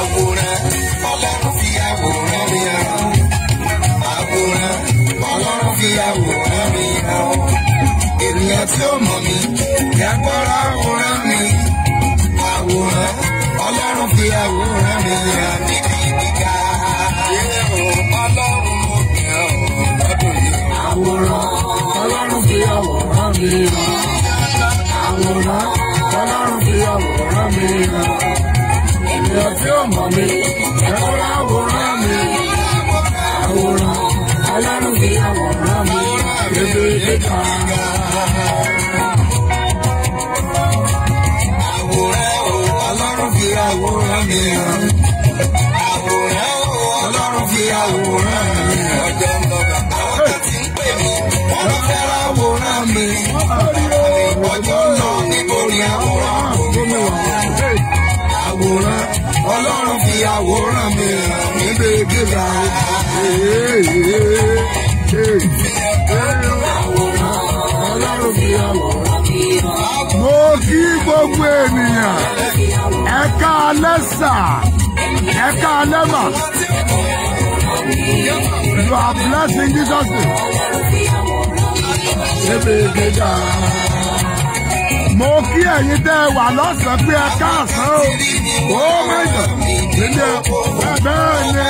àwòrán ọlọ́run fi àwòrán mi hàn àwòrán ọlọ́run fi àwòrán mi hàn ènìyàn tí ó mọ̀ mi yàgbọ́ra àwòrán mi àwòrán ọlọ́run fi àwòrán mi hàn níbi gíga ọlọ́run mo bẹ̀ ọ́ lọ́dún yìí àwòrán ọlọ́run fi àwòrán mi hàn. èèyàn tí mọ̀ mi ẹ̀kọ́ láwòrán mi àwòrán alárùnbí àwòrán mi èdè ìdíkà. àwòrán o ọlọ́run fi àwòrán mi hàn. àwòrán o ọlọ́run fi àwòrán mi hàn. ọjọ́ ń lọ bàbá wọn ti ń pè mí wọ́n fẹ́ ra àwòrán mi. ọjọ́ ń lọ níbo ni àwòrán o ọlọ́run fi àwòrán mi hàn mí bèbí ra ọlọ́run fi àwòrán mi hàn. mo kí gbogbo ènìyàn ẹ ká alẹ́ sà ẹ ká alẹ́ mà. You are blessed in Jesus' name mo kí ẹ̀yin tẹ́ ẹ wà lọ́sàn pé ẹ káàsán o ó má jà nílé bẹ́ẹ̀ ni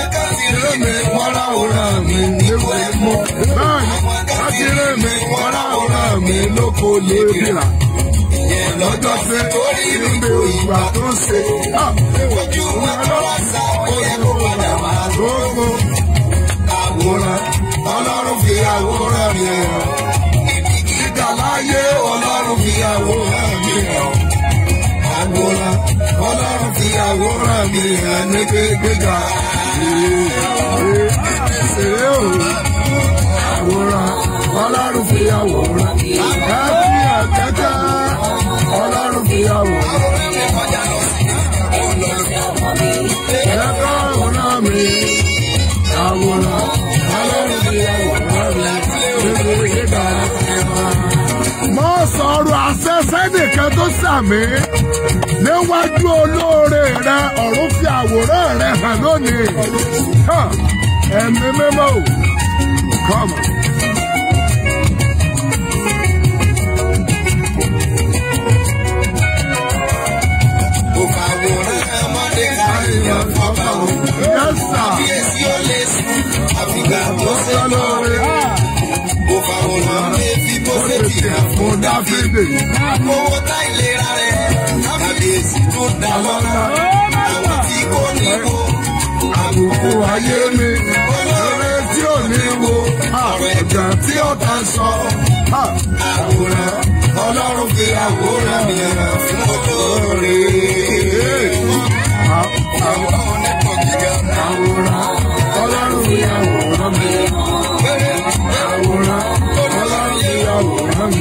eré mi wọ́lá òra mi léwu mú bẹ́ẹ̀ ni láti mi wọ́lá òra mi lóko lébìrà lọ́jọ́ sí níbi oṣù àtúnṣe ojú ọlọ́sà oyè kó padà máa lóko àwòrán ọlọ́run fi àwòrán mi hàn ayé ọlọ́run fi àwòrán mi hàn. Àgbòrán ọlọ́run fi àwòrán mi hàn ní gbégbéga. Àwòrán ọlọ́run fi àwòrán mi hàn. Ẹ̀mí àkẹ́kẹ́ ọlọ́run fi àwòrán mi hàn. Ẹ̀ka àwòrán mi àwòrán ọlọ́run fi àwòrán mi hàn mo sọ̀rọ̀ àṣẹ sẹ́nìkan tó sàmì níwájú olóore rẹ ọ̀run fi àwòrán rẹ hàn lónìí ẹ̀mí mímọ́ ò kọ́mọ̀. Yes, sir. Yes, you're listening. I think I'm not alone dáfídè. owó tá ìlera rẹ̀ kábíyèsí tó dá lọ́la àwọn tí kò ní wo. àbùkù ayé mi eré tí ò ní wo àwọn ẹ̀jà tí ọ̀tá sọ. àwòrán ọlọ́run fi àwòrán mi hàn fún olóore. àwòrán ọlọ́run fi àwòrán mi hàn.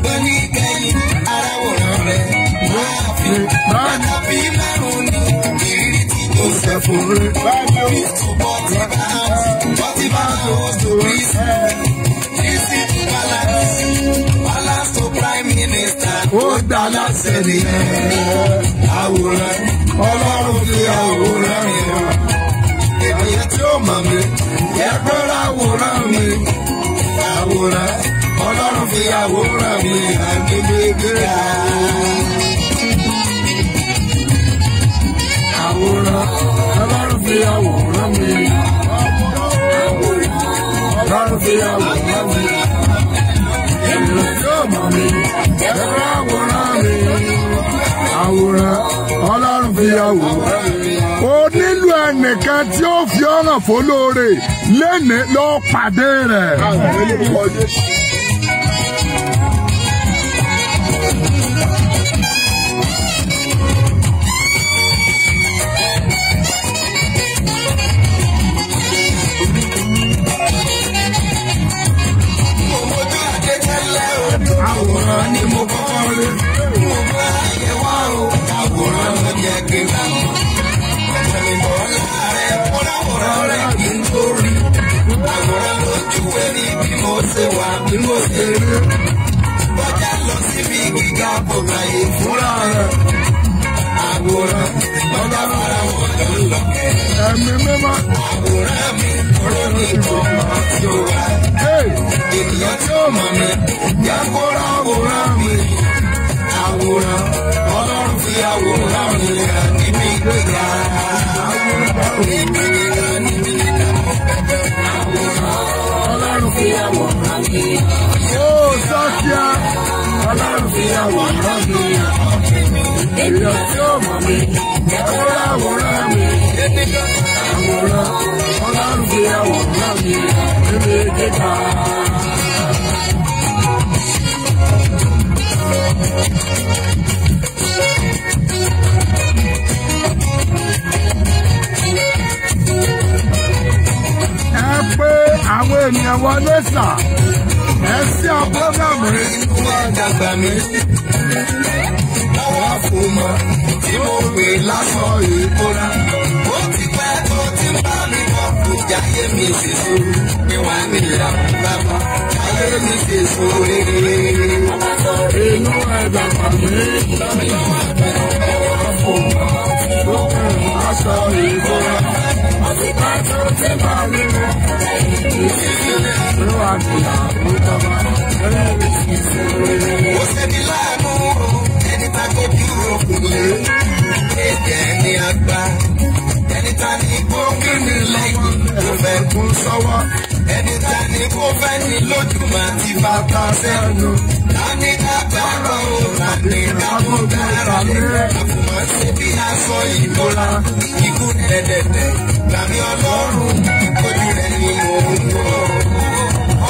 gbé ní kẹyìn ara wòran rẹ láàfin látàbí márùn ní ìrírí tí joseph kristo bọ́ ti bá bọ́ ti bá oṣù kristo kristi ti balance balance to prime minister ó gbà láṣẹ nìyẹn àwòrán ọlọ́run ni àwòrán yẹn ènìyàn tí ó mọ̀ mi fi àwòrán mi hàn kedegbe à. Àwòrán ọlọ́run fi àwòrán mi hàn. Ọlọ́run fi àwòrán mi hàn. Ènìyàn yóò mọ̀ mi, ẹ̀rọ àwòrán mi. Àwòrán ọlọ́run fi àwòrán mi hàn ó nílò ẹnìkan tí ó fi ọ̀ràn fólóore lẹ́ni lọ́ọ́ pàdé rẹ̀. hey, kí n mọ̀. Àtẹ̀lẹ̀kọ́ ńlá rẹ̀ wọ́nàwọ́nà rẹ̀ kí n tó rí. Àwòrán lójú ẹni bí mo ṣe wà bí mo ṣe rí. Bọ́jà lọ síbi gíga kò ráyè fúnra rẹ̀. Àwòrán lọ́jà fara wọn lọ lọ́kẹ́. Ẹ̀mí mímọ́. Àwòrán mi kúrò ní ìjọba Yorùbá. Ènìyàn tí ó mọ̀ mi, yà kó ra àwòrán mi àwòrán ọlọ́run fi àwòrán mi hàn níbi ìgbéga. níbi gíga àwọn ènìyàn wọlé sà ẹ sí àpọ́gàmù rẹ. wọ́n dàgbà mí lọ́wọ́ fún mọ́ tí mo pè lásán ìkóra. ó ti jáyé mi sèso pé wà á mi là kú bàbá jáyé mi sèso rere. inú ẹ̀dá pàmì lọ́mọ yóò wá bẹ̀rẹ̀ ọ̀pẹ̀rẹ̀ fún wa lókun aṣọ ìbora. ọ̀sìnkà tó ti bá mi mọ́ ìṣẹ̀lẹ̀ ló wà ní àbúrò bàbá jáyé mi sèso rere. ó ṣe láàánú ẹni bá tó dúró kùnlé ẹ̀jẹ̀ ni a gbà ẹni ta ni kó kí ni lẹ́yìn tó fẹ́ kún sọ́wọ́ ẹni ta ni kó fẹ́ ní lójú mà ti bàtà sẹ́nu. Tani dàgbàrọ̀ o, tani dàmúdàrà lè àfùmọ́ sí bí aṣọ ìbora ikú dẹ̀dẹ̀dẹ̀. Tàbí ọlọ́run ojú rẹ̀ ni mò ń wọ̀.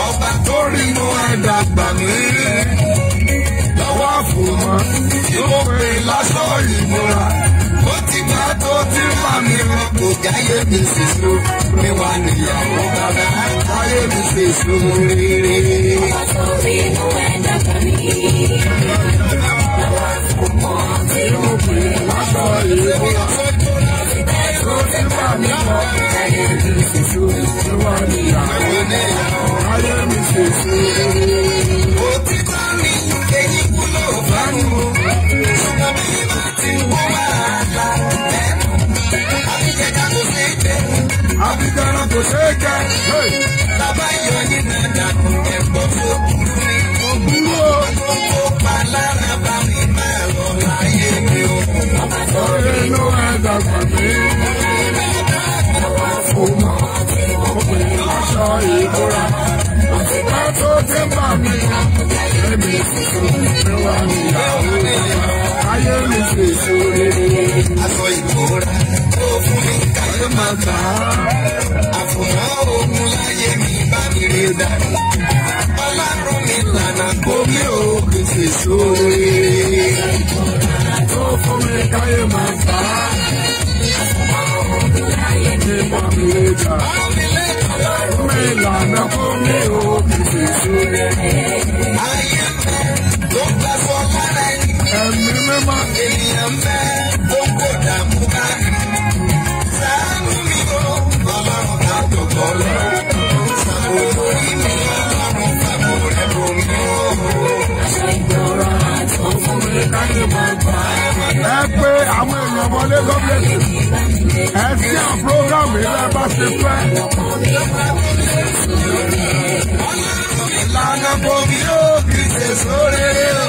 Ọba tó rí inú ẹ̀dá gbà mí lọ́wọ́ àfùmọ́ tí ó pè lásọ ìbora tó ti fà mí mọ́. Kò jáyé mi sì so, mi wà níyàwó bàbá. Jáyé mi sì so rere. Ọba tó rí inú ẹ̀dá kan ní. Àwọn àkùmọ̀ tí ó pè lọ́dọ̀ ìlú. Ìbẹ̀ tó ti fà mí mọ́. Jáyé mi sì so, mi wà níyàwó bàbá. Jáyé mi sì so rere. Ó ti bá mi, èyí kúlò bá mi Abidjan kò ṣe é jẹ. Bàbá yọ nínú dàkún ẹ̀pọ̀ tó burú ni. Mo burú o. Àkókò palára bá mi máa lọ láyé mi o. Ọ̀rẹ́ ló wá dàgbà mí. Ọmọ òpè aṣọ ìbora. Àtìgbà tó dé bà mí. Èmi tuntun mi wà níyàwó. Ayé mi ṣèṣe rere. Aṣọ ìbora fún mi káyọ̀ máa bá àfòmọ́ ogun láyé mi bá mi rí dànù ọlọ́run mi lànà gbómi ò pèsè sóore. tó fún mi káyọ̀ máa bá àfòmọ́ ogun láyé mi bá mi rí dànù ọlọ́run mi lànà gbómi ò pèsè sóore. ayé mi ló gbà fọ́ lára ẹni. ẹ̀mí mímọ́. ènìyàn bẹ́ẹ̀ ó kò dààmú báyìí. ẹ pé àwọn èèyàn wọlé gọ́ọ̀mẹ̀tì ẹ sí àwọn prógámù ilé bá ṣe fẹ́. ìlànà kò bí ó fi ṣe sóre o.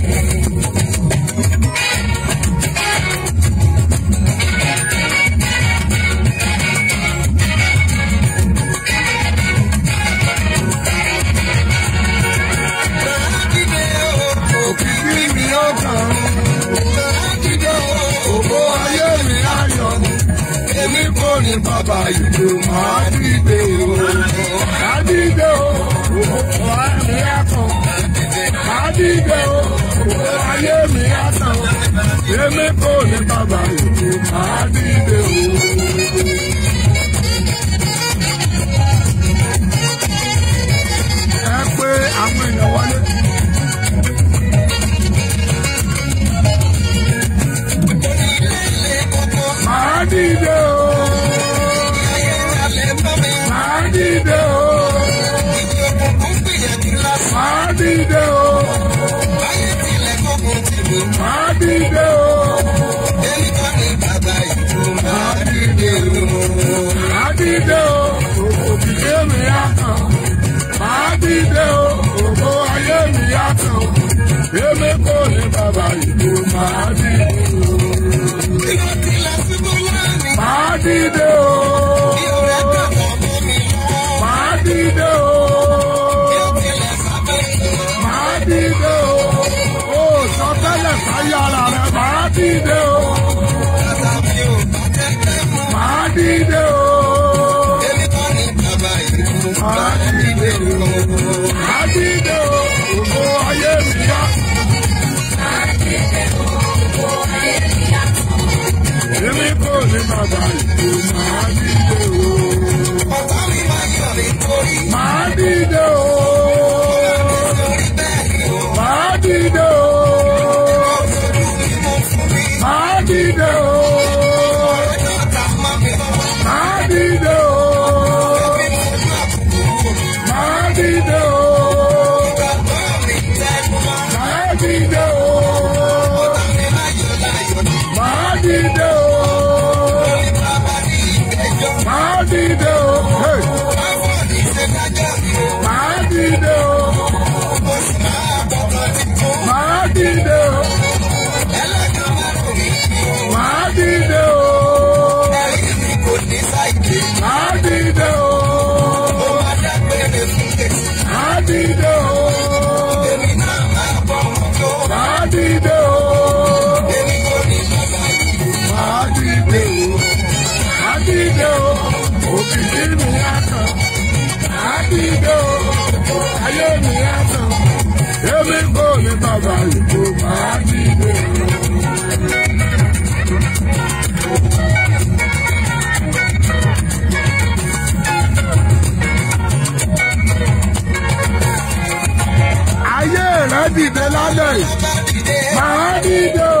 around you. I need mi dé ọ̀dà ìbò máa dìde o. ọ̀tá mi máa yọ̀ mí torí. máa dìde o. Èmi ń kó mi Ayé rẹ̀ dìde lálẹ́ màá dìde o.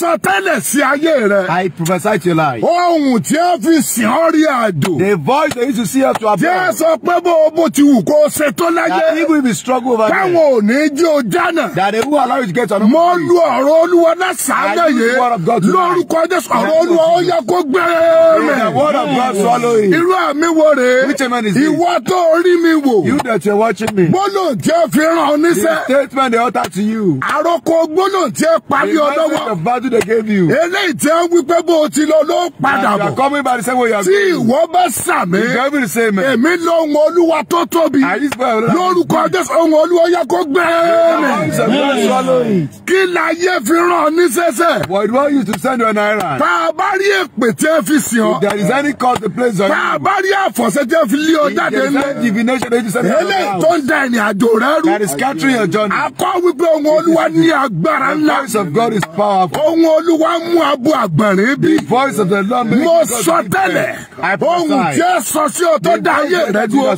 sọtẹ́lẹ̀ sí ayé rẹ. I prophesy to your life. Ohun tí a fi sìn ọ́ rí àdó. The voice they used to see us to abroad. Jẹ́ sọ pé bó o bó ti wù kó o ṣe tó láyé. That even if you struggle over there. Káwọn ò ní jẹ́ o jánà. That they will allow you to get another place. Mo lu ọ̀rọ̀ Olúwa lásàánà yé. I use the word of God to lie. Lórúkọ Jésù ọ̀rọ̀ Olúwa ó yẹ kó gbẹ́rẹ́ The word of God swallow it. Irú àmì wo rèé? Which man is this? Ìwọ tó rí mi wò. You that you are watching me. Gbólóhùn tí ẹ fi ràn ọ́ níṣẹ́. The statement they utter to you. Àròkọ gbólóhùn tí ẹ parí ọ lọ́wọ́. The message of battle they gave you. eléyìí tí wọ́n wí pé bó o ti lọ ló padà bọ̀. you are coming by the same way you are going. tí ìwọ bá sàmì. you are going to say man. èmi lóhùn olúwa tó tóbi. lórúkọ jésù ohùn olúwa yẹ kó gbẹ́ẹ̀mẹ̀. E kí la yẹ fi ràn ní sẹ́sẹ̀. but it won't use to send you an iron. a bá rí èpè fi sìn ọ. if there is any cause the place on you. tá a bá rí àfọ̀ṣẹ́ tí ẹ fi lé ọ jáde ńlẹ̀. if there is any divination that you send you an iron. eléyìí tó ń da ìrìn àjò rẹ rú. that is scattering the voice of God is powerful ohùn olúwa mú abo àgbọ̀nrín bí. the voice of the Lord makes mo sọ tẹ́lẹ̀ ohùn tí ó sọ sí o tó dá ayé rẹ dúró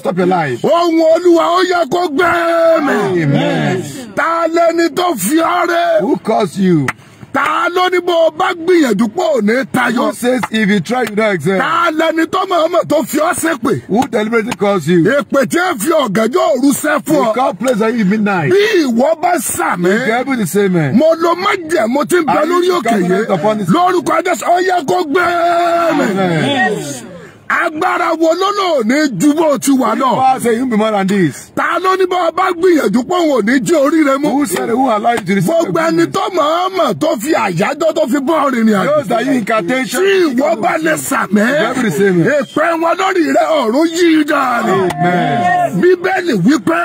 ohùn olúwa ó yẹ kó gbẹ́ẹ̀mẹ̀ ta lẹni tó fi ọ́ rẹ̀. who caused you ta ló ní bó o bá gbìyànjú pé ò ní tayọ. who says if you try you no excel. ta lẹni tó mọ̀ ọmọ tó fi ọ́ ṣépè. who deliberately calls you. èpè tí ń fi ọ̀gànjọ́ òru ṣẹ́ fún ọ. you call place at midnight. bí ìwọ bá sàmì. you get able say man. mo lo májẹ̀ mo ti bẹ lórí òkè yẹn lórúkọ adé sọ ọ yẹ kó gbẹ́ẹ́mẹ̀ agbára wo ló lò ní ju bó ti wà náà. wíwá ṣe yín bí more than this. ta ló ní bá ọba gbìyànjú pé òun ò ní jẹ́ oríire mú. who said who allow you to receive. gbogbo ẹni tó mọ̀ọ́mọ̀ tó fi àyájọ́ tó fi bọ́ rìnrìn àjò. those are incantation. tí ìwọ bá lè sàmẹ́. èpè wọn lórí rẹ ọ̀run yí dànù. bíbélì wípé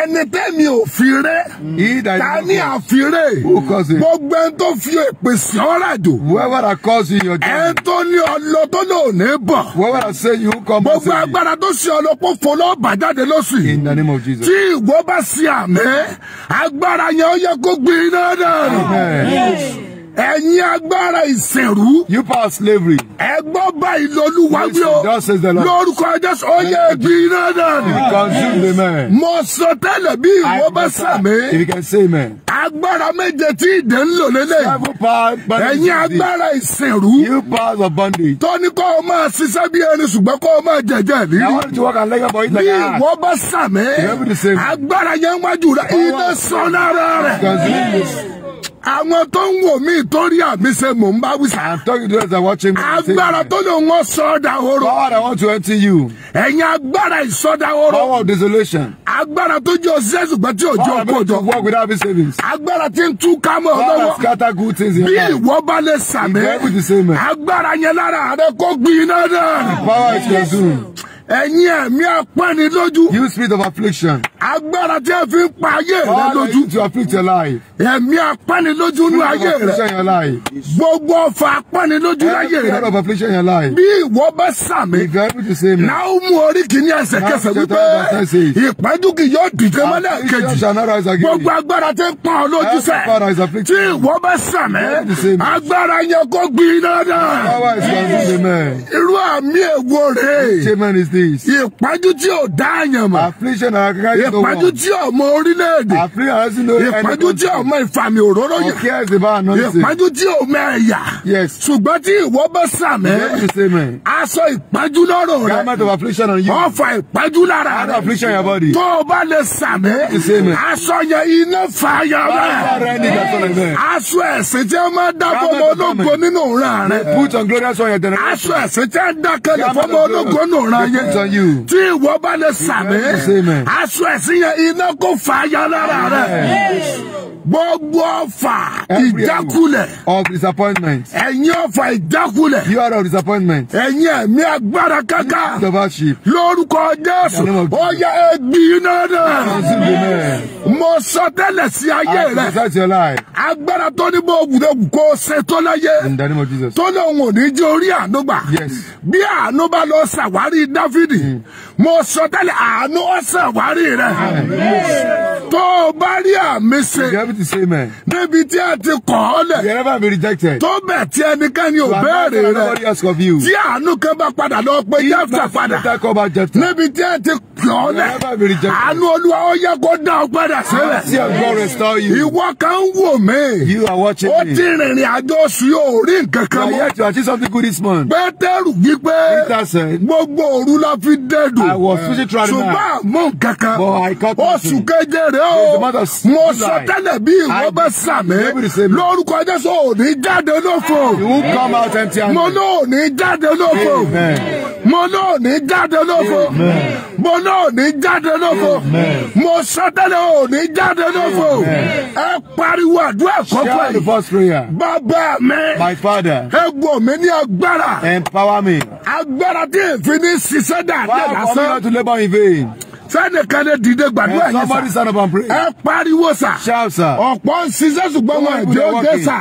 ẹni tẹ́mi ò fi rẹ́ ta ni àfiré. fi èpè sí whoever that calls you your job. ẹni tó ní ọlọ́tọ́ What would I say you come and say? Gbogbo agbára tó ṣe ọlọ́pọ̀ fọlọ́ bàjáde lóṣù yìí. In the name of Jesus. Tí ìwọ bá ṣe àmì, agbára yẹn ó yẹ kó gbin náà dànù. Amen. Amen. Ẹ̀yin agbára ìsẹ̀rú. You power slavery. Ẹ gbọ́ báyìí lọ́lúwa wí o. Thus says the Lord. Lórúkọ Jésù ó yẹ ibi iná dànù. We consume the man. Mo sọ tẹ́lẹ̀ bí ìwọ bá sàmì. If you can say amen. Agbára méje tí ìdè ń lò lélẹ̀. Seven power bondage. Ẹ̀yin agbára ìsẹ̀rú. You power of bondage. Tọ́ni kọ́ ọ máa ṣiṣẹ́ bí ẹni ṣùgbọ́n kọ́ ọ máa jẹ̀jẹ̀ ní. I want to work and labor for like that. Bí ìwọ bá sàmì. You have to say. Agbára yẹn wájú rẹ̀ iná sọ náà rẹ̀. Consume this àwọn tó ń wò mí torí àmì ṣe mò ń bá wíṣà. I'm talking to those that are watching me. agbára tó lè wọ́n sọ́dà oró. power that want to enter you. ẹ̀yin agbára ìsọdà oró. power of desolation. agbára tó jẹ́ ọ̀sẹ́sù pé tí òjò kò jọ. work without having savings. agbára tí ń tú ká mọ́ ọlọ́wọ́. power that scatter good things in life. bí ìwọ bá lè sàmì. if every the same man. agbára yẹn lára rẹ kó gbin iná náà. power is consumed ẹ̀yin ẹ̀mí apánilójú. you spirit of affliction. agbára tí a fi ń pa ayé rẹ lójú. power that you to afflict your life ẹ̀mí apánilójú ní ayé rẹ̀ gbogbo ọfà apánilójú láyé rẹ̀ bí ìwọ bá sàmì náà mú orí kìíní ẹsẹ̀ kẹsẹ̀ wípé ìpẹ́jù yóò dìde mọ́lẹ̀ kejì gbogbo agbára tẹ́ pọ́n ọ tí ìwọ bá sàmì agbára yẹn kó gbin dandan irú àmì èwo rẹ̀ ìpẹ́jù tí ò dá àyàn mọ̀ ìpẹ́jù tí ò mọ orílẹ̀-èdè ìpẹ́jù tí ò ọmọ ìfàmì òróró yà ìpájú tí ò mẹ ẹ̀yà ṣùgbọ́n tí ìwọ bá sàmẹ́ aṣọ ìpájú lọ́rọ̀ rẹ ọfà tó bá lè sàmẹ́ aṣọ yẹn iná fàyà rẹ aṣọ ẹ̀sìn tí wọ́n máa dábọ̀ ọmọ ológo nínú òun rẹ aṣọ ẹ̀sìn tí wọ́n dákẹ́lẹ̀ rẹ aṣọ ẹ̀sìn yẹn iná kò fàyà lára gbogbo ọfà ìjákulẹ̀. of disappointment. ẹ̀yin ọfà ìjákulẹ̀. you are of disappointment. ẹ̀yin ẹ̀mí agbára káká. leadership. lórúkọ jésù ó yá ẹbí mo sọ tẹ́lẹ̀ sí ayé rẹ̀. agbára tó ní bó wùdó kó ṣe tó láyé. in the name of Jesus. tó lóun ò ní jẹ́ orí àánú gbà. yes. bí àánú bá lọ ṣàwárí dáfídì. Mm mo sọ tẹ́lẹ̀ àánú ọ̀sẹ̀ wárí rẹ tó o bá rí àmì ṣe níbi tí a ti kọ̀ ọ́ lẹ̀ tó bẹ̀ tí ẹnikẹ́ni ò béèrè rẹ tí àánú kan bá padà lọ pé jẹ́fẹ̀ padà níbi tí a ti kọ̀ yọ ọ́ lẹ̀. Àánú Olúwa ó kó dá ọ padà sílẹ̀. Ìwọ kan wò mí. Ó ti rìnrìn àjò oṣù yóò rí nǹkan kan Pétérù wípé gbogbo òru la fi dẹ́dùn. Ṣùgbọ́n mú nǹkan Oṣù keje rẹ̀ o. Mo sọ tẹ́lẹ̀ bí ìwọ bẹ́ sàmì. Lórúkọ Jésù ò ní jáde lófo. Mo náà ò jáde lófo. Mo náà ò jáde lófo. Mo náà ò ní jáde lófo. Mo sọ tẹ́lẹ̀ ò ní jáde lófo. Ẹ pariwo àdúrà kọ́kọ́ yìí. Bàbá mi. My father. Egbò mi ní agbára. Empower me. Agbára tí èéfín ní ṣiṣẹ́ dà. Why sẹ́nìkan lè dìde gbàdúrà yẹn sà ẹ pariwo sà ọ̀pọ̀ ń ṣiṣẹ́ ṣùgbọ́n wọn ìjọ dé sà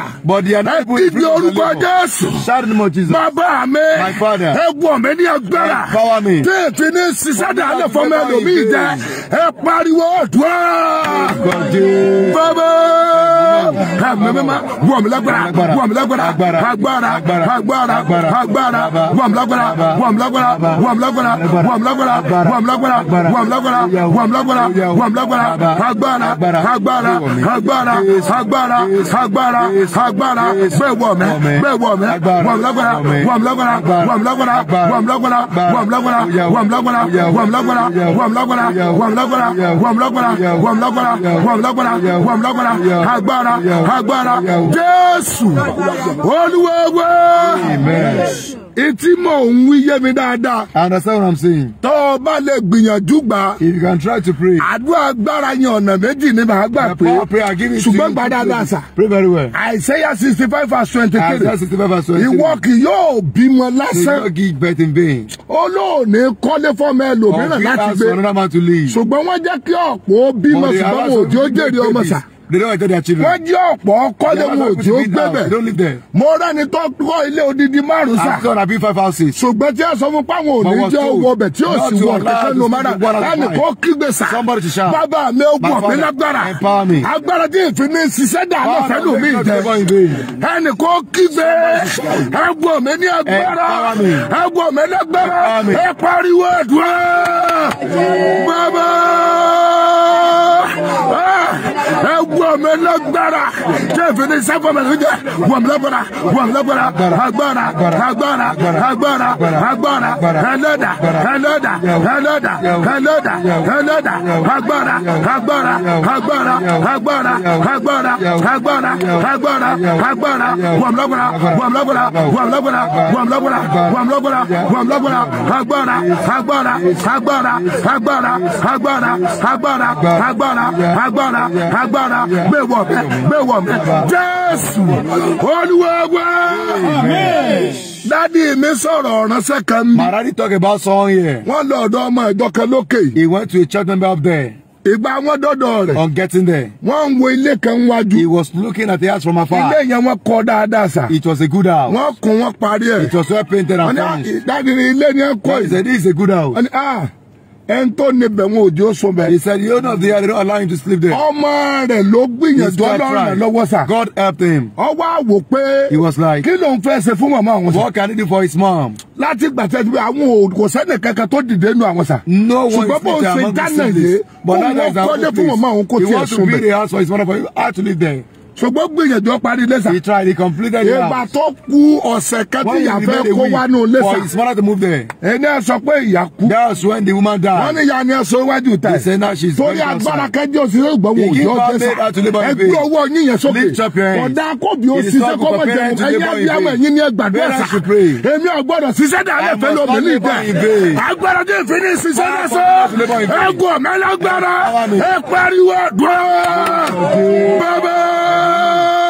ẹ kígbe orúkọ Jésù bàbá mi ẹ wọ̀ mí ní agbára téèfì ní ṣiṣẹ́ dàálẹ̀ fọmọ ẹlòmíì jẹ ẹ pariwo ọ̀dùá bàbá mẹ́mẹ́má wọ̀ mí lágbára wọ̀ mí lágbára agbára agbára agbára wọ̀ mí lágbára wọ̀ mí lágbára wọ̀ mí lágbára wọ̀ mí lágbára wà mí lágbára wà mí lágbára agbára agbára agbára agbára agbára agbára bẹ́ẹ̀ wọ̀ mẹ́ bẹ́ẹ̀ wọ̀ mẹ́ wà mí lágbára wà mí lágbára wà mí lágbára wà mí lágbára wà mí lágbára wà mí lágbára wà mí lágbára wà mí lágbára wà mí lágbára wà mí lágbára wà mí lágbára wà mí lágbára wà mí lágbára agbára agbára Jésù olúwa wá. Amen. Etí mò ń wí yé mi dáadáa. I understand what I'm saying. Tọ́ ọ bá lè gbìyànjú gbà. If you can try to pray. Àdúrà agbára yan ọ̀nà méjì ni màá gbà pé. Power prayer give it to you. Ṣùgbọ́n gba dáadáa sà. Pray very well. Àìsẹ́yà sixty five verse twenty three. Àìsẹ́yà sixty five verse twenty three. Ìwọ kì yóò bímọ lásán. Ṣé yóò give birth in vain? Olóòní kọ́lé fọ́mọ ẹlòmíràn láti gbé. Ọ̀gbìn àṣọ ọ̀nà máa tún lè. Ṣùgbọ́n wọ́n jẹ́ kí ọ̀pọ̀ bímọ ṣùgbọ́n òjò jèrè ọmọ sà. They don't enter their children. Wọ́n jí ọ̀pọ̀ ọkọ lé Don't live there. More than Mo rẹ́ni tó kọ́ ilé odidi the ún sá. After I build five houses. So yes, I'm I'm Ṣùgbọ́n tí ẹ sọ fún páwọn òní jẹ́ owó ọbẹ̀ tí ó sì wọ kẹ́kẹ́ ló mára. Láni kó kígbe sá. Somebody to shout. Bàbá mi ó gbọ̀ mí lágbára. Empower me. Agbára tí ìfín mi ṣiṣẹ́ dà lọ fẹ́ lù mí jẹ. Ẹni kó kígbe. Ẹ gbọ̀ mí ní agbára. Ẹ gbọ̀ mí lágbára. Ẹ pariwo ẹ̀dùn. Bàbá. Ah, ẹ wọ̀mí lágbára jẹ́fì ní sáfọ̀mẹ̀lì jẹ́ wọ̀mí lágbára wọ̀mí lágbára agbára agbára agbára agbára ẹlẹ́dà ẹlẹ́dà ẹlẹ́dà ẹlẹ́dà ẹlẹ́dà agbára agbára agbára agbára agbára agbára agbára agbára wọ̀mí lágbára wọ̀mí lágbára wọ̀mí lágbára wọ̀mí lágbára wọ̀mí lágbára wọ̀mí lágbára agbára agbára agbára agbára agbára agbára agbára agbára agbára gbé wọ̀ mí gbé wọ̀ mí jésù olúwa talk about song here. wọ́n lọ ọ̀dọ̀ ọmọ ìjọ kan he went to a church member up there. Ìgbà wọn dọ́dọ̀ rẹ̀. On getting there. Wọ́n ń wo ilé kan He was looking at the house from afar. It was a good house. It was well painted and finished. Dádì is a good house. And, ah, ẹn tó wọn ò jẹ́ oṣù bẹ̀. he said you know they are not allowing to sleep there. ọmọ rẹ̀ ló gbìyànjú ọlọ́run lọ́wọ́ sà. God helped him. ọwọ́ àwò pé. he was like. kí ló ń fẹ́ ṣe fún màmá àwọn sà. what can he do for his mom. láti gbàtẹ́ ti pé àwọn kò sẹ́ni kankan tó dìde nu àwọn sà. no one is later among the siblings. ṣùgbọ́n bó ṣe dáná yé. but now that's our place. he wants to be the house for his mother for him how to live there ṣùgbọ́n gbìyànjú ó parí lẹ́sà. he tried he completed the house. ìgbà tó kù ọ̀sẹ̀ kẹ́tì ìyá kó wá nù lẹ́sà. ẹni ẹ sọ pé ìyá kú. wọ́n ní ìyá ni ẹ sọ iwájú ta. they torí agbára kẹ́jọ́ òṣìṣẹ́ ìgbọ̀n wò yọ lẹ́sà. ẹ gbé owó yín yẹn sókè. ọ̀dà kóbi ó ṣiṣẹ́ kọ́mọ jẹun ẹ̀yẹ́ abiyamọ ẹ̀yìn ni ẹ gbàdúrà èmi ò ṣiṣẹ́ dàlẹ́ fẹ́ lómi Oh.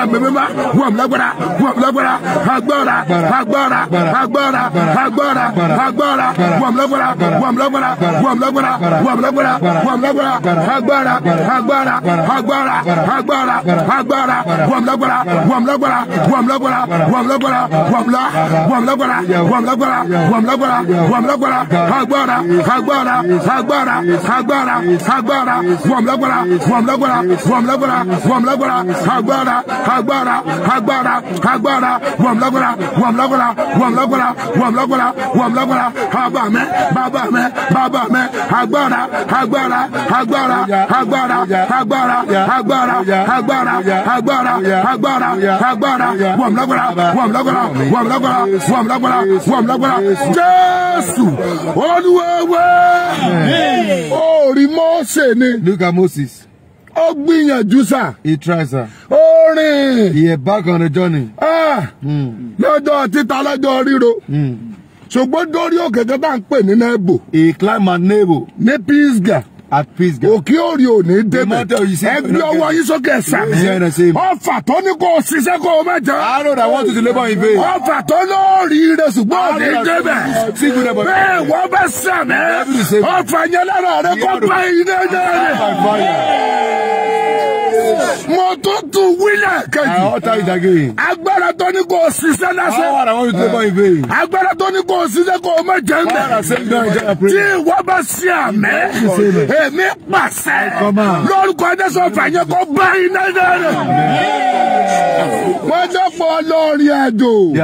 ẹ̀mí mímọ́ wọ̀n lágbára wọ̀n lágbára agbára agbára agbára agbára agbára wọ̀n lágbára wọ̀n lágbára wọ̀n lágbára wọ̀n lágbára wọ̀n lágbára agbára agbára agbára agbára agbára wọ̀n lágbára wọ̀n lágbára wọ̀n lágbára wọ̀n lágbára wọ̀n lá wọ̀n lágbára wọ̀n lágbára wọ̀n lágbára wọ̀n lágbára agbára agbára agbára agbára agbára wọ̀n lágbára wọ̀n lágbára wọ̀n lágbára wọ̀n lágbára agbára agbára agbára agbára wọ̀m lágbára wọ̀m lágbára wọ̀m lágbára wọ̀m lágbára wọ̀m lágbára bàbá mẹ́ bàbá mẹ́ bàbá mẹ́ agbára agbára agbára agbára agbára agbára agbára agbára agbára agbára wọ̀m lágbára wọ̀m lágbára wọ̀m lágbára wọ̀m lágbára wọ̀m lágbára Jésù olúwewe. Orí Mósè ni. Look at Moses ó gbìyànjú sà. he try sà. ó rìn. he back on the journey. Ah, lọ́jọ́ títa lọ́jọ́ ríro. Hmm. ṣùgbọ́n dórí òkè kan tá à ń pè ní nebo. he climb a nebo. ní pisga òkè òrì òní débẹ̀ ẹgbẹ́ ọwọ́ yín sókè sàmì ọfà tó ní kó ṣiṣẹ́ kó o mẹ́jọ ọfà tó lórí rẹ̀ ṣùgbọ́n òní débẹ̀ bẹ́ẹ̀ wọ́n bẹ́ sàmì ọfà yẹn lára rẹ̀ kó bá iná náà rẹ̀ mo tó tún wílẹ̀ kejì. agbára tó ní kò ṣiṣẹ́ lásán. agbára tó ní kò ṣiṣẹ́ kò mọ̀ jẹ́ mẹ́. tí ìwọ bá ṣe àmẹ́ èmi pàṣẹ lórúkọ ẹ̀dẹ́sọ̀ fàyẹ kó bá iná dẹ́rẹ́. wọ́n jẹ́ pọ̀ lórí ẹ̀dọ̀.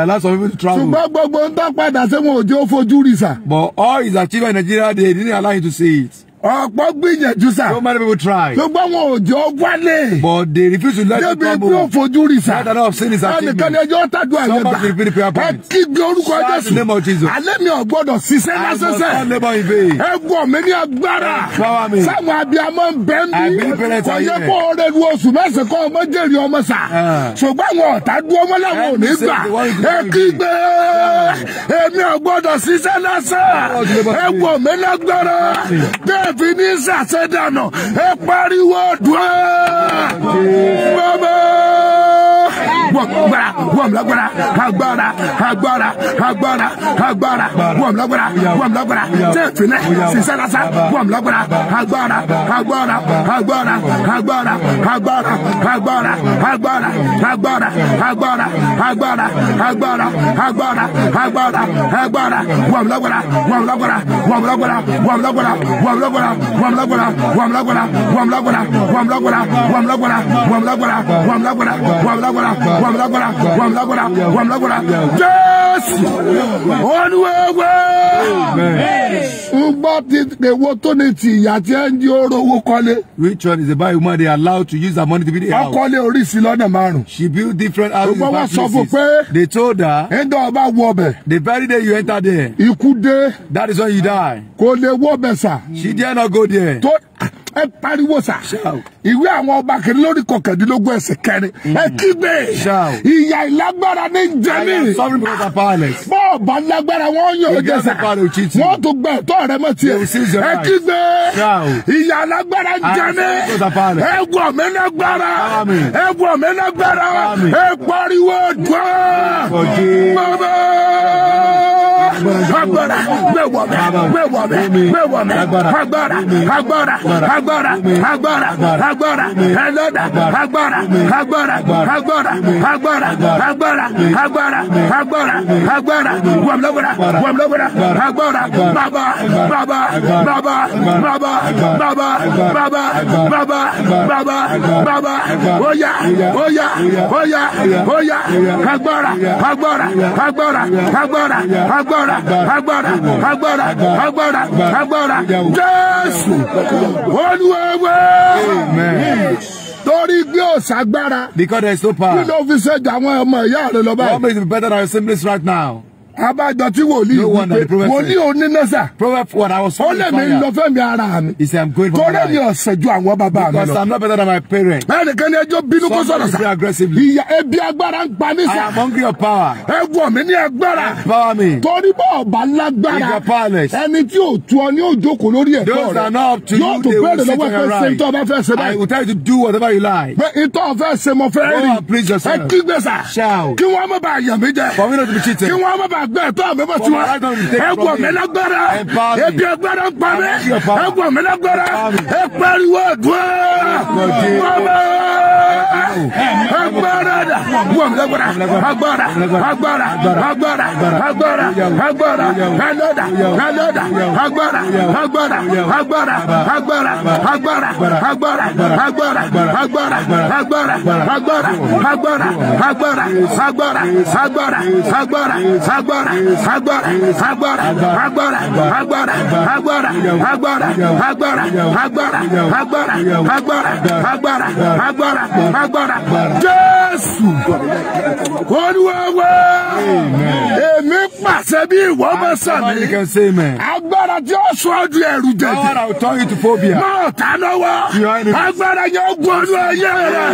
ṣùgbọ́n gbogbo ń tọ́ padà sí wọn ò jẹ́ ó fojú rìsà. But all his achievements in Nigeria they didn't allow him to see it ọ̀pọ̀ gbìyànjú sà. so many people try. ṣùgbọ́n wọn ò jọ wálé. but they refuse to let you come home. débi tí ó fojú rí sà. that enough sin is achievement. ẹnìkan ni ẹjọ́ tàdú àyè gbà. somebody repeat prayer point. ẹ kí gbé orúkọ Jésù. shout the name of Jesus. alẹ́ mi ò gbọ́dọ̀ ṣiṣẹ́ lásẹsẹ. I must not labour in vain. ẹ gbọ́ mi ní agbára. power me. sáwọn abiyamọ ń bẹ́ mi. I believe parents are here. kò yẹ kó o rẹ lu oṣù mẹ́sàn-án kọ́ ọmọ jèrè ọmọ sà. Ah. ṣùgbọ́n wọn ọ̀tá dúró mọ́ láwọn ò ní gbà. ẹ kí gbé ah. èmi ò gbọ́dọ̀ ṣiṣẹ́ lásán. ẹ gbọ́ mi lágbára. bẹ́ẹ̀ fi ní sàṣẹdànà ẹ pariwo dùn bàbá agbára wọ́n lágbára agbára agbára agbára agbára wọ́n lágbára wọ́n lágbára tẹ́fìlẹ̀ sísẹ́lásá wọ́n lágbára agbára agbára agbára agbára agbára agbára agbára agbára agbára agbára agbára agbára agbára agbára wọ́n lágbára wọ́n lágbára wọ́n lágbára wọ́n lágbára wọ́n lágbára. guara, wam la guara, wam la guara, wam la guara, wam la guara, wam la guara, wam la guara, wam la guara, wam la guara, wam la guara, wam la guara, wam la guara. Yes! On way, way! Amen. Which one is the buy woman they allowed to use her money to build a house? She built different houses. They told her the very day you enter there, that is when you die. She dare not go there ẹ pariwo sa ìwé àwọn ọba kìíní lórí kọkàndínlógún ẹsẹ̀ kẹrin ẹ mm-hmm. kígbe ìyà ìlágbára ní jẹmí bọ́ọ̀ lágbára wọn yàn ó jẹsà wọn tó gbẹ ẹ̀tọ́ rẹ mọ́ tiẹ̀ ẹ kígbe ìyà ìlágbára jẹmí ẹ wọ mí lágbára ẹ wọ mí lágbára ẹ pariwo dùn agbára gbé wọ̀ mẹ́ gbé wọ̀ mẹ́ gbé wọ̀ mẹ́ agbára agbára agbára agbára agbára ẹlọ́dà agbára agbára agbára agbára agbára agbára agbára agbára wọ̀mlọ́gbọ̀dà wọ̀mlọ́gbọ̀dà agbára bàbá bàbá bàbá bàbá bàbá bàbá bàbá bàbá bàbá oya oya oya oya agbára agbára agbára agbára agbára agbára agbára agbára agbára agbára jésù olúwewe torí gbé òsàgbára. because there is no power. kí ló fi ṣe jà àwọn ọmọ ìyá rẹ lọ báyìí. what makes it better than your siblings right now abájọ tí wòlíì wípé wòlíì onínásà ó lè mi lọ fẹ́ mi ara mi torí mi ọ̀sẹ̀ ju àwọn bàbá mi lọ. bẹ́ẹ̀ni kẹ́ni ẹjọ́ bínú kó sọ̀rọ̀ sá ìyá ebi agbára ń pa mí sá ẹ̀gbọ́n mi ní agbára torí bọ́ ọ̀bà lágbára ẹni tí ò tu ọ ní òjòkó lórí ẹ̀kọ́ rẹ̀ yóò tó bẹ́ẹ̀rẹ̀ lọ́wọ́ pé ṣe tó ọba àgbà ẹ̀tọ́ àmẹ́bọ̀ tiwa ẹ̀gbọ́n mi lágbára ebi agbára ń pa mí ẹ̀gbọ́n mi lágbára ẹ pariwo àdúrà mọ́mọ́ agbára ẹ̀gbọ́n mi lágbára agbára agbára agbára agbára agbára ẹlọ́dà ẹlọ́dà agbára agbára agbára agbára agbára agbára agbára agbára agbára agbára agbára agbára agbára agbára agbára agbára agbára agbára agbára agbára agbára agbára agbára agbára agbára agbára agbára agbára agbára agbára jésù olúwawo èmi pàṣẹ bí ìwọ bá sàmì agbára tí ó sọ ọdún ẹrù jẹjẹ náà ta lọ́wọ́ agbára yóò gbọ́ ọdún ayé rẹ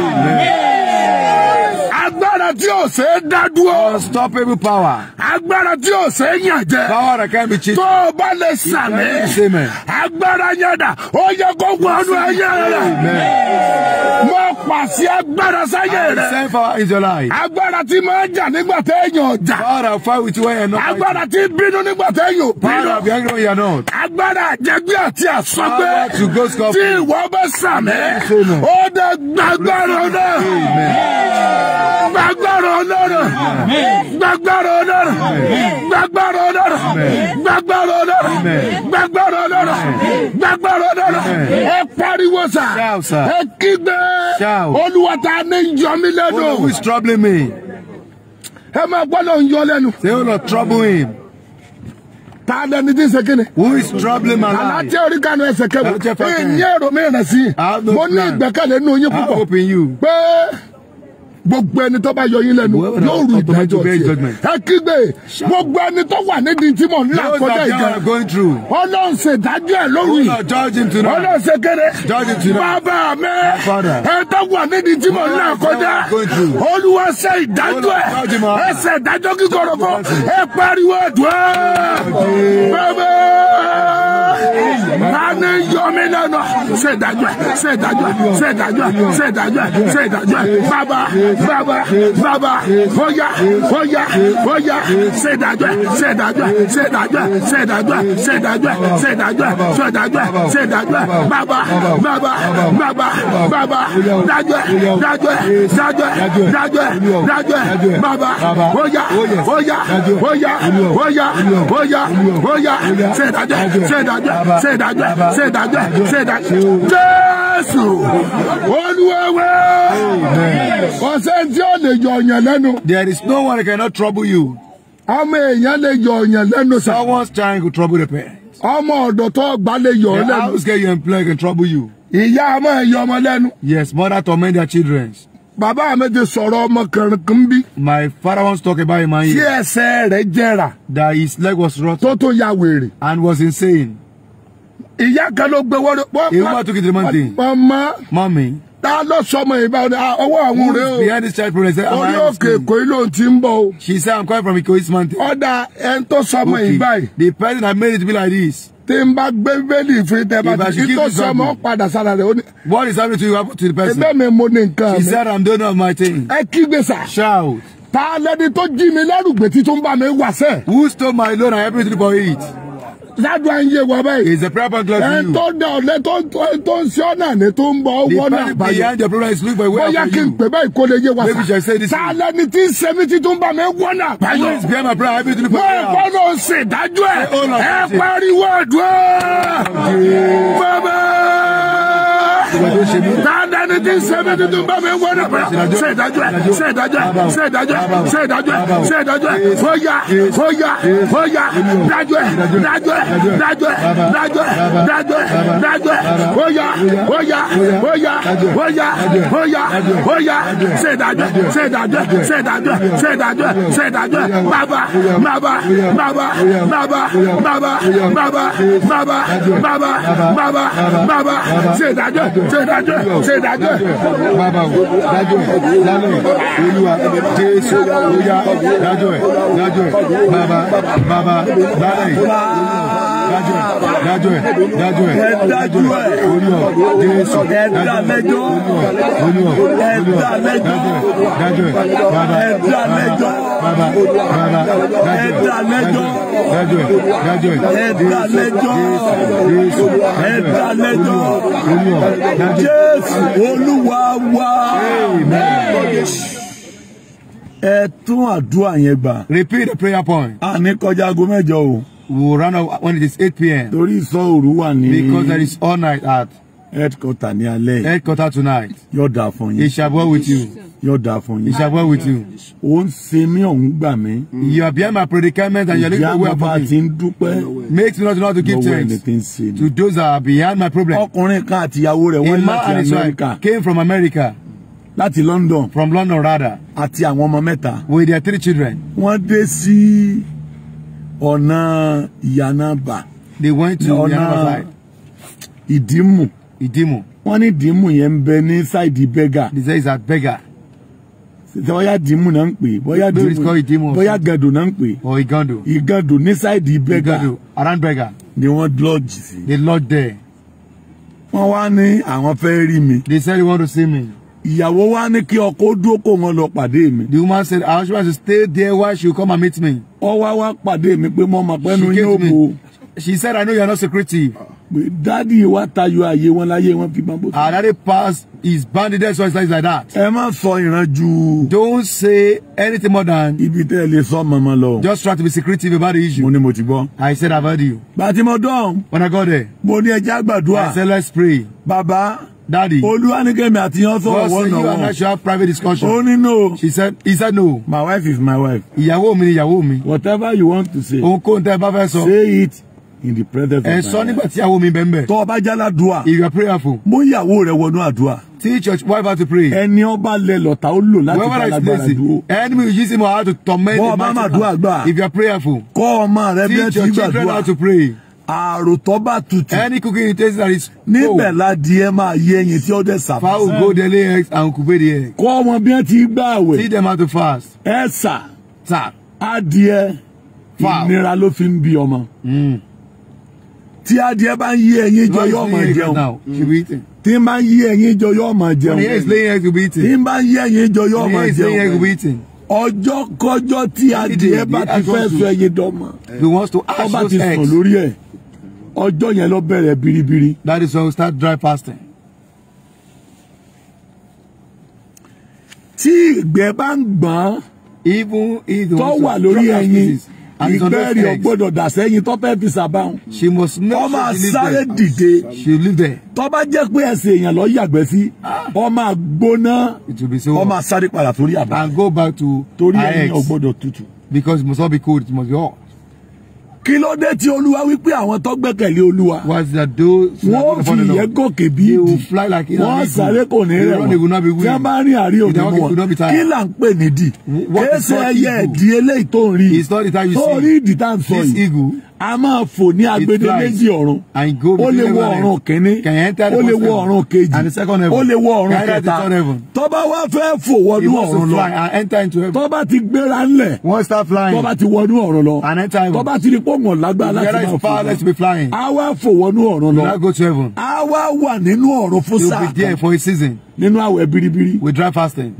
agbára tí ó ṣe é dá dúró. unstoppable power. agbára agbára tí ò sẹ́yìn àjẹ́. Power that can be cheated. Tó o bá lè sàmì. Agbára yẹn dà, ó yẹ kó wọnú ayé rẹ̀. Mo pàṣẹ agbára sáyé rẹ̀. Send power in your life. Agbára tí máa ń jà nígbà téèyàn jà. Power that fight with you when you're not fighting. Agbára tí bínú nígbà téèyàn bínú. Power that be angry when you're not. Agbára àjẹgbé àti àsọgbé. Power to go scope. Tí ìwọ bá sàmì. Ó dẹ gbàgbọ́rọ̀ náà. Gbàgbọ́rọ̀ náà. Gbàgbọ́rọ̀ náà gbàgbára ọlọ́rọ̀ gbàgbára ọlọ́rọ̀ gbàgbára ọlọ́rọ̀ gbàgbára ọlọ́rọ̀ ẹ pariwo sa ẹ kígbe olúwa ta ni yọ mí lẹ́nu. who is troubling me. ẹ máa gbọ́dọ̀ ń yọ lẹ́nu. say o oh, lọ trouble him. Ta lẹni tí ń ṣe kíni? Who is troubling my life? Alájẹ́ orí kanu ẹsẹ̀ kẹ́mu. Ẹ ní èrò mi rẹ̀ sí. Mo ní ìgbẹ́kẹ̀lé nínú yín púpọ̀. I hope you. Pé gbogbo ẹni tó bá yọ yín lẹ́nu yóò rú ìdájọ́ tiẹ̀ ẹ kígbe gbogbo ẹni tó wà nídìí tí mò ń là kọjá ìjà ọlọ́run ṣe ìdájọ́ ẹ̀ lórí ọlọ́run ṣe kéré bàbá mi ẹ tó wà nídìí tí mò ń là kọjá olúwa ṣe ìdájọ́ ẹ̀ ẹ ṣe ìdájọ́ kíkọ̀rọ̀ fún ẹ pariwo ẹ̀dùn ẹ̀ bàbá nani yọmi lẹ́nu ṣe ìdájọ́ ṣe ìdájọ́ ṣe ìdájọ́ ṣe ìdájọ́ ṣe ìdájọ́ bàbá bàbá bàbá bóyá bóyá bóyá ṣèdájọ́ ṣèdájọ́ ṣèdájọ́ ṣèdájọ́ ṣèdájọ́ ṣèdájọ́ ṣèdájọ́ ṣèdájọ́ Baba, bàbá bàbá bàbá dájọ́ dájọ́ dájọ́ dájọ́ dájọ́ bàbá bóyá bóyá bóyá bóyá bóyá bóyá ṣèdájọ́ ṣèdájọ́ ṣèdájọ́ ṣèdájọ́ ṣèdájọ́ Jésù olúwa wẹ́ẹ́. There is no one that cannot trouble you. Someone's trying to trouble the parents. The house get you employed can trouble you. Yes, mother torment their children. Bàbá My father once talked about him Yes, he. Tí That his leg was rotten. And was insane. Ìyá took it the man thing. Mama ta ló sọmọ yìí báwo ni ah, ọwọ́ àwọn rẹ o behind this child problem say am I okay orí òkè èkó yìí ló ti ń bọ̀ o. she say i'm coming from Ikoyi East Mountain. ọ̀dà ẹn tó sọmọ yìí báyìí. the person that made it be like this. tí n bá gbé bẹ́ẹ̀lì fún tẹ bá ti kí tó sọmọ padà sára rẹ. what is happening to you happen to the person. ẹgbẹ́ mi mo ní nǹkan mi. she said i'm doing all my thing. ẹ kígbe sá. shout. ta lẹni tó jí mi lẹ́rù gbètí tó bá mi wàṣẹ. who stole my loan and everything for it ládùn ayé wa báyìí. it's a proper point class for you. ẹ tó da ọ̀lẹ́ tó tó ń ṣọ́ náà ni tó ń the party behind the program is looking for a way out for you. bóyá kí n pè báyìí kó lè yé wa sá. maybe she say this. sálẹ̀ ni tí sẹ́mi ti tún bá mi wọ́n náà báyọ̀. wọ́n is behind my prayer every three point five. wọ́n kọ́ ló ń ṣèdájọ́ ẹ̀ Tàdá ni tí ń ṣe mí tuntun bá mi wọ́n náà bẹ̀rẹ̀. Ṣé ìdájọ́ ẹ̀? Ṣé ìdájọ́ ẹ̀? Ṣé ìdájọ́ ẹ̀? Ṣé ìdájọ́ ẹ̀? Ṣé ìdájọ́ ẹ̀? Fóyà fóyà fóyà dájọ́ ẹ̀ dájọ́ ẹ̀ dájọ́ ẹ̀ dájọ́ ẹ̀ dájọ́ ẹ̀ dájọ́ ẹ̀ fóyà fóyà fóyà fóyà fóyà fóyà ṣé ìdájọ́ ṣé ìdájọ́ ṣé ìdájọ́ ṣé ìdájọ́ ṣé ìdájọ́ bàbá bàbá bàbá bàbá bàbá bàbá bàbá bàbá bàbá ṣé ìdájọ́ ṣe ìdájọ́ Baba, ṣe ìdájọ́ ẹ̀. bàbá o dájọ́ ẹ̀ Baba, Baba, jésù ó yá dájọ́ ẹ̀ dájọ́ ẹ̀ bàbá bàbá lálẹ́ olúwa dájọ́ ẹ̀ dájọ́ ẹ̀ dájọ́ ẹ̀ dájọ́ ẹ̀ orí ọ̀ jésù dájọ́ ẹ̀ orí ọ̀ orí ọ̀ dájọ́ ẹ̀ dájọ́ ẹ̀ bàbá bàbá bàbá dájọ́ ẹ̀ dájọ́ ẹ̀ dájọ́ ẹ̀ jésù jésù dájọ́ ẹ̀ orí ọ̀ dájọ́ ẹ̀ jésù olúwa wa ẹ tún àdúrà yẹn gbà. repeat the prayer point. a ní kọjá aago mẹ́jọ o we will run out when it is 8 p.m. torí ìsọ òru wà ní. because there is all night at. headquarter ní alẹ́. headquarter tonight. yóò dà for yín. it shall well with you. yóò dà for yín. it shall well with you. ó ń ṣe mí ọ̀hún gbà mí. you my predicament and you are looking for where for Makes me not know to give thanks to those that are behind my problem. ọkùnrin kan àtìyàwó rẹ̀ wọ́n láti America. came from America láti London. from London rather. àti àwọn ọmọ mẹ́ta. with their three children. wọ́n dé sí ọ̀nà ìyànàbà. they went to ìyànàbà side. ìdìmù. ìdìmù. wọ́n ní ìdìmù yẹn ń bẹ ní ṣáìdì bẹ́gà. they say it's at bẹ́gà. bóyá ìdìmù náà ń pè bóyá ìdìmù bóyá gàdò náà ń pè. or igando. igando ní ṣáìdì bẹ́gà. igando around bẹ́gà. ni wọ́n lodge they lodge there. wọ́n wá ní àwọn fẹ́ rí mi. they say they want to see me ìyàwó wa ní kí ọkọ dúró kó wọn lọ pàdé mi. the woman said her husband should stay there while she come and meet me. ọ wá wá pàdé mi pé mo mọ̀ pẹ́nu yín ò bò. she said i know you are not secretive. pé dádì wa tayọ àyè wọn láyé wọn fi máa bó. her daddy pass his bandit so why it's like that. ẹ má sọ ìrànjú. don't say anything more than. ibi tẹ́ ẹ lè sọ mọ̀mọ́ lọ. just try to be secretive about the issue. mo ní mo ti gbọ́. i said i value." you. bàtí mo dán. when i got there. mo ní ẹja gbàdúrà. i said let's pray. Baba." Daddy. Oluwanikemi àti yan sọ̀rọ̀ wọ́n náà wọ́n. Wọ́n said you have private discussion. Ó ní no. She said he said no. My wife is my wife. Ìyàwó mi ni ìyàwó mi. Whatever you want to say. Ohunkóhun tẹ́ ẹ bá fẹ́ sọ. Say it in the presence of my wife. Ẹ sọ nígbà tí ìyàwó mi bẹ̀ ń Tọ́ ọba jálá dùà. If you are prayerful. Mú ìyàwó rẹ wọnú àdúrà. Teach your wife how to pray. Ẹni ọba lẹ lọ̀tà ó lò láti bá alágbára dúró. Enemy will use him how to torment the man. Bọ́ ọba máa dúà gbà. If you are prayerful. Kọ́ ọmọ rẹ bẹ́ẹ̀ tí gbàdúrà. Teach your children how to pray àròtọ́ bá tutù. any cooking you taste that is cold. níbẹ̀ la di ẹ máa yé ẹyin tí ó dẹ̀ sà. fowl go dey lay eggs and coupe the egg. kọ́ ọmọ bí wọ́n ti gbà àwẹ̀. teach them how to fast. ẹ sà. sà. adìẹ ìnira ló fi ń bí ọmọ. Hmm. tí adìẹ bá ń yé ẹyin jẹ yóò máa jẹun tí n bá ń yé ẹyin jọ yóò máa jẹun tí n bá ń yé ẹyin jọ yóò máa jẹun ọjọ́ kọjọ́ tí adìẹ bá ti fẹ́ sọ ẹyin dọ́mọ ọba ti sùn lórí ẹ̀ ọjọ́ yẹn ló bẹ̀rẹ̀ biribiri. that is why we start dry fasting. tí ìgbẹ́ bá ń gbọ́n. even if the one wà lórí ẹyin ìgbẹ́ rẹ̀ gbọ́dọ̀ dà sẹ́yìn tó fẹ́ fi sàbáwọn. she must make sure she live there. ọmọ sáré dìde. she live there. tó bá jẹ́ pé ẹsẹ̀ èèyàn lọ yàgbẹ́ sí. ọmọ gbóná. it will be so hot. ọmọ sáré padà torí àbá. and go back to ix. torí ẹyin ò gbọ́dọ̀ tutù. because it must not be cold it must be hot kí ló dé tí olúwa wípé àwọn tó gbẹ́kẹ̀lé olúwa. was that those. wọ́n fi ìyẹn gòkè bí ìdì wọ́n sáré kò ní rẹ̀ wọ́n tí a bá rí àrí òde wọn kí là ń pè ní dì. kéésì ẹyẹ ẹ̀dí eléyìí tó ń rí tó rí ìdí tá à ń sọ yìí a máa fò ní agbede méjì ọ̀run ó lè wọ ọ̀run kínní ó lè wọ ọ̀run kejì ó lè wọ ọ̀run kẹta tọ́ba wá fẹ́ fò wọnú ọ̀run lọ tọ́ba ti gbéra ńlẹ̀ tọ́ba ti wọnú ọ̀run lọ tọ́ba ti di pọ́ngàn lágbára láti máa fò lọ a wá fò wọnú ọ̀run lọ a wá wà nínú ọ̀run fún sáà kan nínú àwẹ̀ biribiri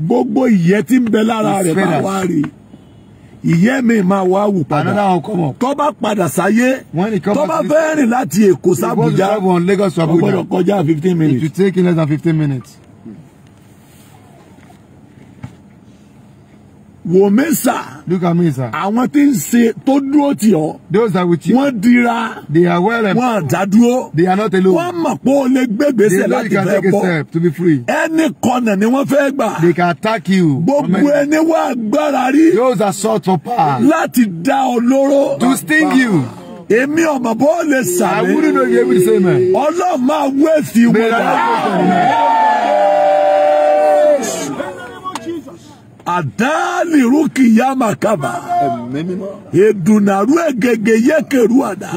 gbogbo ìyẹ́ tí ń bẹ lára rẹ̀ bá wá rí i ìyẹ́ mi máa wá wù padà tó bá padà sáyé tó bá fẹ́ rìn láti Èkó sábùjá ó gbọ́dọ̀ kọjá it will take less than fifteen minutes. wò mí look at me sir. àwọn tí ń ṣe tó dúró tì ọ́. those are with you. wọ́n dira. they are well and. wọ́n dá they are not alone. wọ́n mọ̀ pé o lè gbé gbèsè láti fẹ́ bọ́. they know you can take a step to be free. any corner ni wọ́n fẹ́ gbà. they can attack you. gbogbo ẹni wá agbára rí. those are sort of power. láti dá ọ lóró. to sting you. Èmi ọmọ bó lè sàlẹ̀. I wouldn't know if you ever say amen. Ọlọ́run máa wé fi wọ́n. Bẹ́ẹ̀ni, I don't know. Adani ruki Edunaru egege yekeru ada.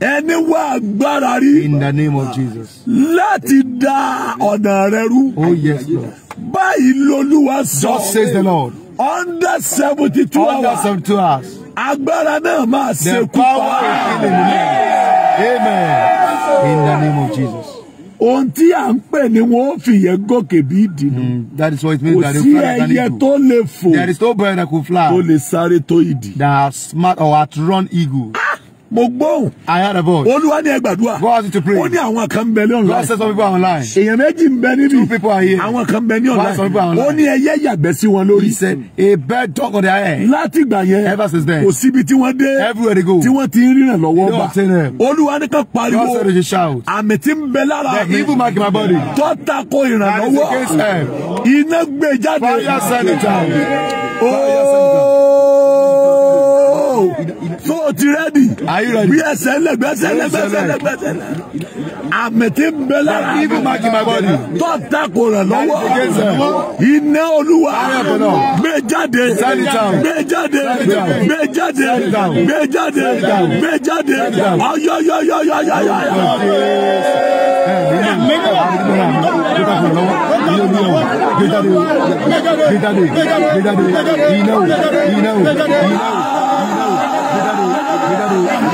Ẹni wá agbára rí. In the name of Jesus. Láti dá ọ̀nà rẹ rú. Oh yes Lord. Báyìí lolúwa sọ. Just says the Lord. Under seventy two hours. Under seventy two hours. Agbára náà máa ṣekú pa. The power is in the name. Amen. In the name of Jesus ohun tí à ń pè ní wọn ó fìyẹn gòkè bí ìdìnnú. Mm, that is what it means that they fly organic kò sí ẹyẹ tó lè fò. there is no bird fly. ó lè sáré tó ìdì. that smart or run eagle mo gbóhùn. I had a voice. Olúwa ní ẹ gbàdúrà. Go out to pray. Ó ní àwọn kan bẹ ní online. God said some people are online. Èèyàn méjì ń bẹ níbí. Two people are here. Àwọn kan bẹ ní online. Why some people are online? Ó ní ẹyẹ yàgbẹ́ sí wọn lórí. He said a bird talk on their head. Láti ìgbà yẹn. Ever since then. Kò síbi tí wọ́n dé. Everywhere they go. Tí wọ́n ti ń rìnà lọ́wọ́ bá. Olúwa ní ká pariwo. God said they shout. Àmì tí ń bẹ lára mi. The evil mark in my body. Tọ́ta ko ìrànlọ́wọ́. Iná gbé jáde. Fire send it down. So ready? ready? o so o ti rẹ́dì bí ẹsẹ̀ lẹ́gbẹ́ ẹsẹ̀ lẹ́gbẹ́ ẹsẹ̀ lẹ́gbẹ́ ẹsẹ̀ lẹ́gbẹ́ àmì tí ń bẹ lára tó tako rẹ̀ lọ́wọ́ iná olúwa gbé jáde gbé jáde gbé jáde gbé jáde gbé jáde ọyọyọyọyọyọyọ. Gbé jáde, gbé jáde, gbé jáde, iná o, iná o, iná o. メダル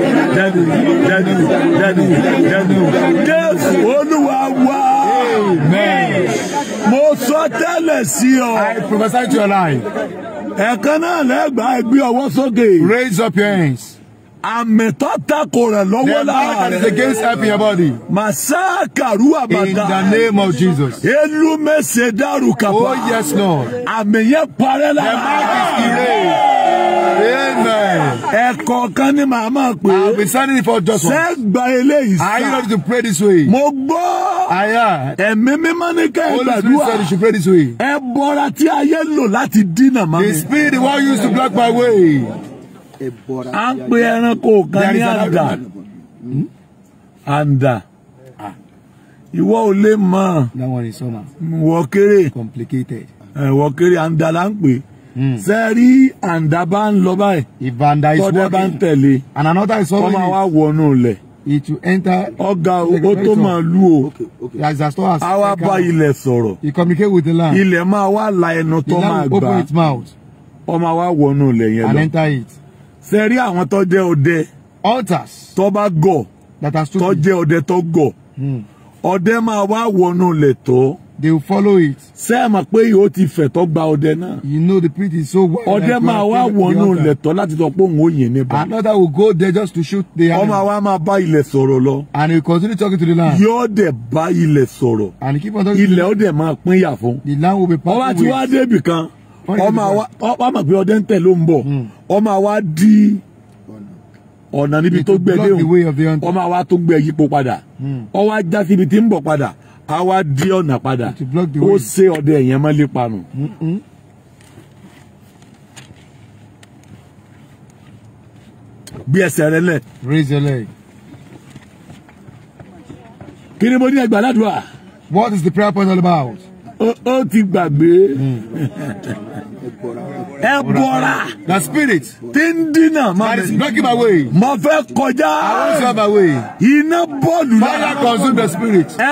dadu dadu dadu dadu jésù olúwa wá. mo sọ tẹ́lẹ̀ sí ọ. I prophesy to your life. ẹ̀kan náà lẹ́gbàá ẹ ọwọ́ sókè. raise up your hands àmì tó tako rẹ̀ lọ́wọ́ lára rẹ̀. the against help in your body. màsá kàrú àbàdà. in the name of Jesus. elúmẹsẹ dàrú kàpá. oh yes lord. àmì yẹn parẹ́ lára. the mark is erased ẹ̀kọ̀ọ̀kan ni màá máa pè é. I have been standing in for just one. sẹ́gbà eléyìí sá. Are you ready to pray this way? mo gbọ́. àyà. ẹ̀mí mímọ́ ní ká gbàdúrà. Holy Spirit said you should pray this way. ẹ bọra tí ayé lò láti dínà mọ́ mi. The spirit the one used to block my way. à ń pe ẹranko kan ní àǹdà. Hmm? àǹdà ah. ìwọ ò lè mọ̀. that one is summer. wọ́n complicated. wọ́n kéré àǹdà là ń pè é. Hmm. sẹ́rí àǹdàbà ń lọ báyìí. ìbàǹdà is working tọ́jà ń tẹ̀lé. and another is already. ọmọ wa wọnú lẹ̀. it to enter. ọ̀gá owó tó máa lù o. okay okay. as the store has. bá ilẹ̀ sọ̀rọ̀. he communicate with the land. ilẹ̀ máa wá la ẹnu tó máa gbà. the land open its mouth. ọmọ wa wọnú lẹ̀ yẹn lọ. and enter it. sẹ́rí àwọn tó jẹ́ ọdẹ. altars. tó bá gọ̀. that has stood. tó jẹ́ ọdẹ tó gọ̀. Hmm. ọdẹ máa wá wọnú lẹ̀ tó they will follow it. ṣé ẹ mọ̀ pé yóò ti fẹ̀tọ́ gba ọdẹ náà. you know the pit is so wide. ọdẹ máa wá wọnú lẹ̀tọ́ láti sọ pé òun ò yìn níbà. another will go there just to shoot the animal. ọmọ àwa máa bá ilẹ̀ sọ̀rọ̀ lọ. and he continue talking to the land. yóò dẹ̀ bá ilẹ̀ sọ̀rọ̀. and he keep on talking to the land. ilẹ̀ ó dẹ̀ máa pín yà fún. the land will be part of it. ọba tí wàá débì kan ọmọ àwa pé ọdẹ ń tẹ̀ ló ń bọ̀ hmm. ọmọ àwa di ọ̀nà níbi tó gbẹ déhùn ọmọ àwa tó gbẹ yípo padà ọwọ́ hmm. ajá síbi tí ń bọ̀ a wá dí ọ̀nà padà ó ṣe ọdẹ yẹn mọ́lé panu. gbé ẹsẹ̀ rẹ lẹ̀. raise your leg. kí ni mo ní ẹgbàá ládùúgbà. what is the prayer point all about. ó ti gbàgbé. Mm. ẹ the spirit. tí ń dínà máa bẹ. blocking my way. mo fẹ́ kọjá. I want to my way. iná bọ́ọ̀lù náà. fire consume the spirit. ẹ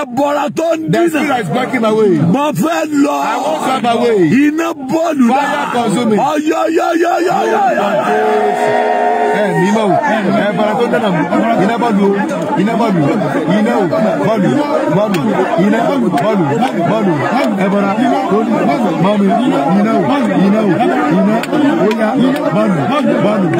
tó ń dínà. the spirit is blocking my way. mo fẹ́ lọ. I want to my way. iná bọ́ọ̀lù náà. fire consume it. ọyọyọyọyọyọyọ ẹ̀mí mọ̀ ẹ̀ bọ̀rọ̀ tó dáná mọ̀ iná bọ́ọ̀lù iná bọ́ọ̀lù iná o bọ́ọ̀lù bọ́ọ̀lù iná bọ́ọ̀lù bọ́ọ̀lù ẹ̀ bọ̀rọ̀ tó dáná mọ̀ iná o. You know, you know, ó yá bọ́ọ̀lù bọ́ọ̀lù.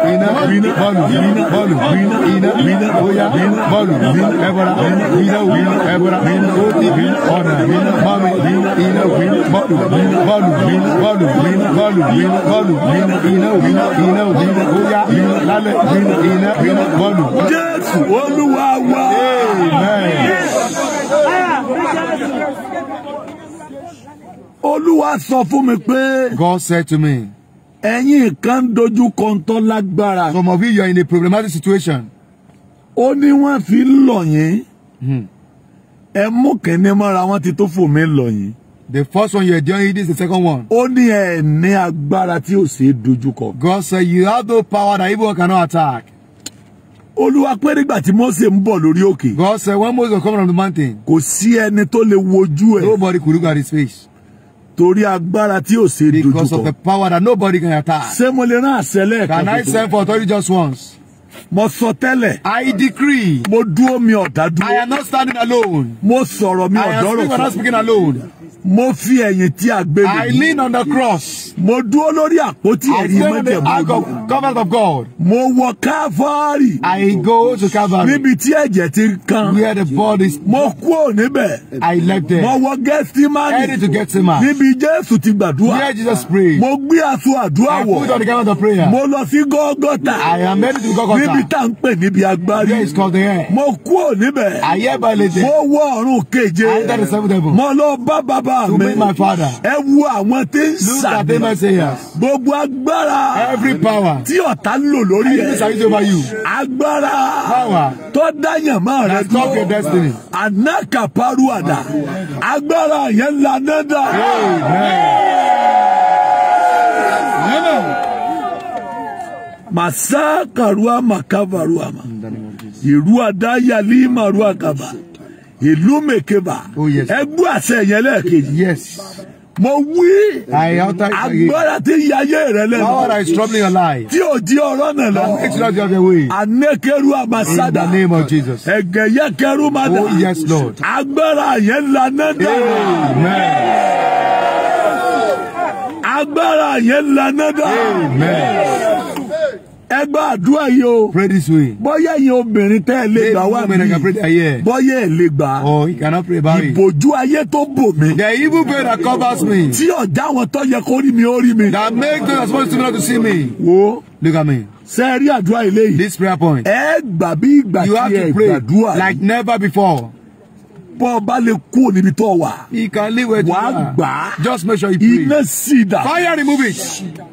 iná iná bọ́ọ̀lù iná bọ́ọ̀lù iná iná iná oya iná bọ́ọ̀lù iná ẹ̀bọ̀ra iná iná iná ẹ̀bọ̀ra iná odi iná ọ̀nà iná mami iná iná iná bọ́ọ̀lù iná bọ́ọ̀lù iná bọ́ọ̀lù iná bọ́ọ̀lù iná bọ́ọ̀lù iná iná iná iná iná oya iná lálẹ́ iná iná iná bọ́ọ̀lù. Jésù Olúwa wa. Olúwa sọ fún mi pé. God said to me ẹ̀yin kan dojú kọ́ńtọ́ lágbára. some of you are in a problematic situation. ó ní wọ́n fi ń lọ̀ yín. Hmm. ẹ mú kẹ́ni mọ́ra wọn ti tó fò mí lọ̀ yín. the first one you are doing this is the second one. ó ní ẹ ní agbára tí ò ṣeé dojú kọ. God said you have no power that evil cannot attack. Olúwa pé nígbà tí Mósè ń bọ̀ lórí òkè. God said when Moses come from the mountain. kò sí ẹni tó lè wojú ẹ. nobody could look at his face. Torí agbára tí ò ṣe dojúkọ. Because of the power that nobody can attack. Ṣé mo lè rán àṣẹ lẹ́ẹ̀kan? Can I send for authority just once? Mo sọ tẹ́lẹ̀. I decree. Mo dúró mi ọ̀dá dúró. I am not standing alone. Mo sọ̀rọ̀ mi ọ̀dọ́rọ̀ sọ. I am not speaking alone. Mo fi ẹ̀yìn tí a gbé mi. I lean on the cross. Mo dúró lórí àpótí ẹ̀rí mọ́jẹ̀mọ́ mi. Covenant of God. Mo wọ Calvary. I go to Calvary. Níbi tí ẹ̀jẹ̀ ti kan. Where the body is. Mo kúrò níbẹ̀. I left there. Mo wọ Gethsemane. Headed to Gethsemane. Níbi Jésù ti gbàdúrà. Where Jesus prayed. Mo gbé aṣọ àdúrà wọ̀. I put on the garment of prayer. Mo lọ sí Gọ́gọ́tà. I am headed to Gọ́gọ́tà níbi tá à ń pè níbi agbárí. mo kúrò níbẹ̀. mo wọ ọ̀run keje. mo lọ bá bàbá mi. ẹ wo àwọn tí ń sàdé. gbogbo agbára. tí ọ̀tá ń lò lórí ẹ̀. agbára. tó dáyàn mọ́ rẹ dúró. àná kàparuàdà. agbára yẹn lanádà. Amen. masa karua makava ruama irua daya lima rua kava ìlú mekeba ẹgbẹ́ àṣẹ yẹn lẹ́ẹ̀kejì mo wí agbára tí ya ayé rẹ lẹ́nu tí o di ọ̀rọ̀ náà lọ anekeru amasada ẹgẹyẹkeru mada oh, agbára yẹn lana dára agbára yẹn da. Amen ẹ gbọ́ àdúrà yìí o. pray this way. bọ́yá yẹn obìnrin tẹ́ ẹ lè gbà wá mi. bọ́yá ẹ lè gbà. oh you cannot pray about it. ìbòjú ayé tó bò mí. the evil veil that covers me. tí ọ̀já wọn tó yẹ kó rí mi ó rí mi. that make those supposed to not to see me. wo. look at me. ṣe rí àdúrà ilé yìí. this prayer point. ẹ gbà bí ìgbà tí ẹ gbàdúrà. like never before bọ́ ọba lè kú níbi tó wà. he can live where wàá gbà just make sure you pray. iná sì dà. fire removing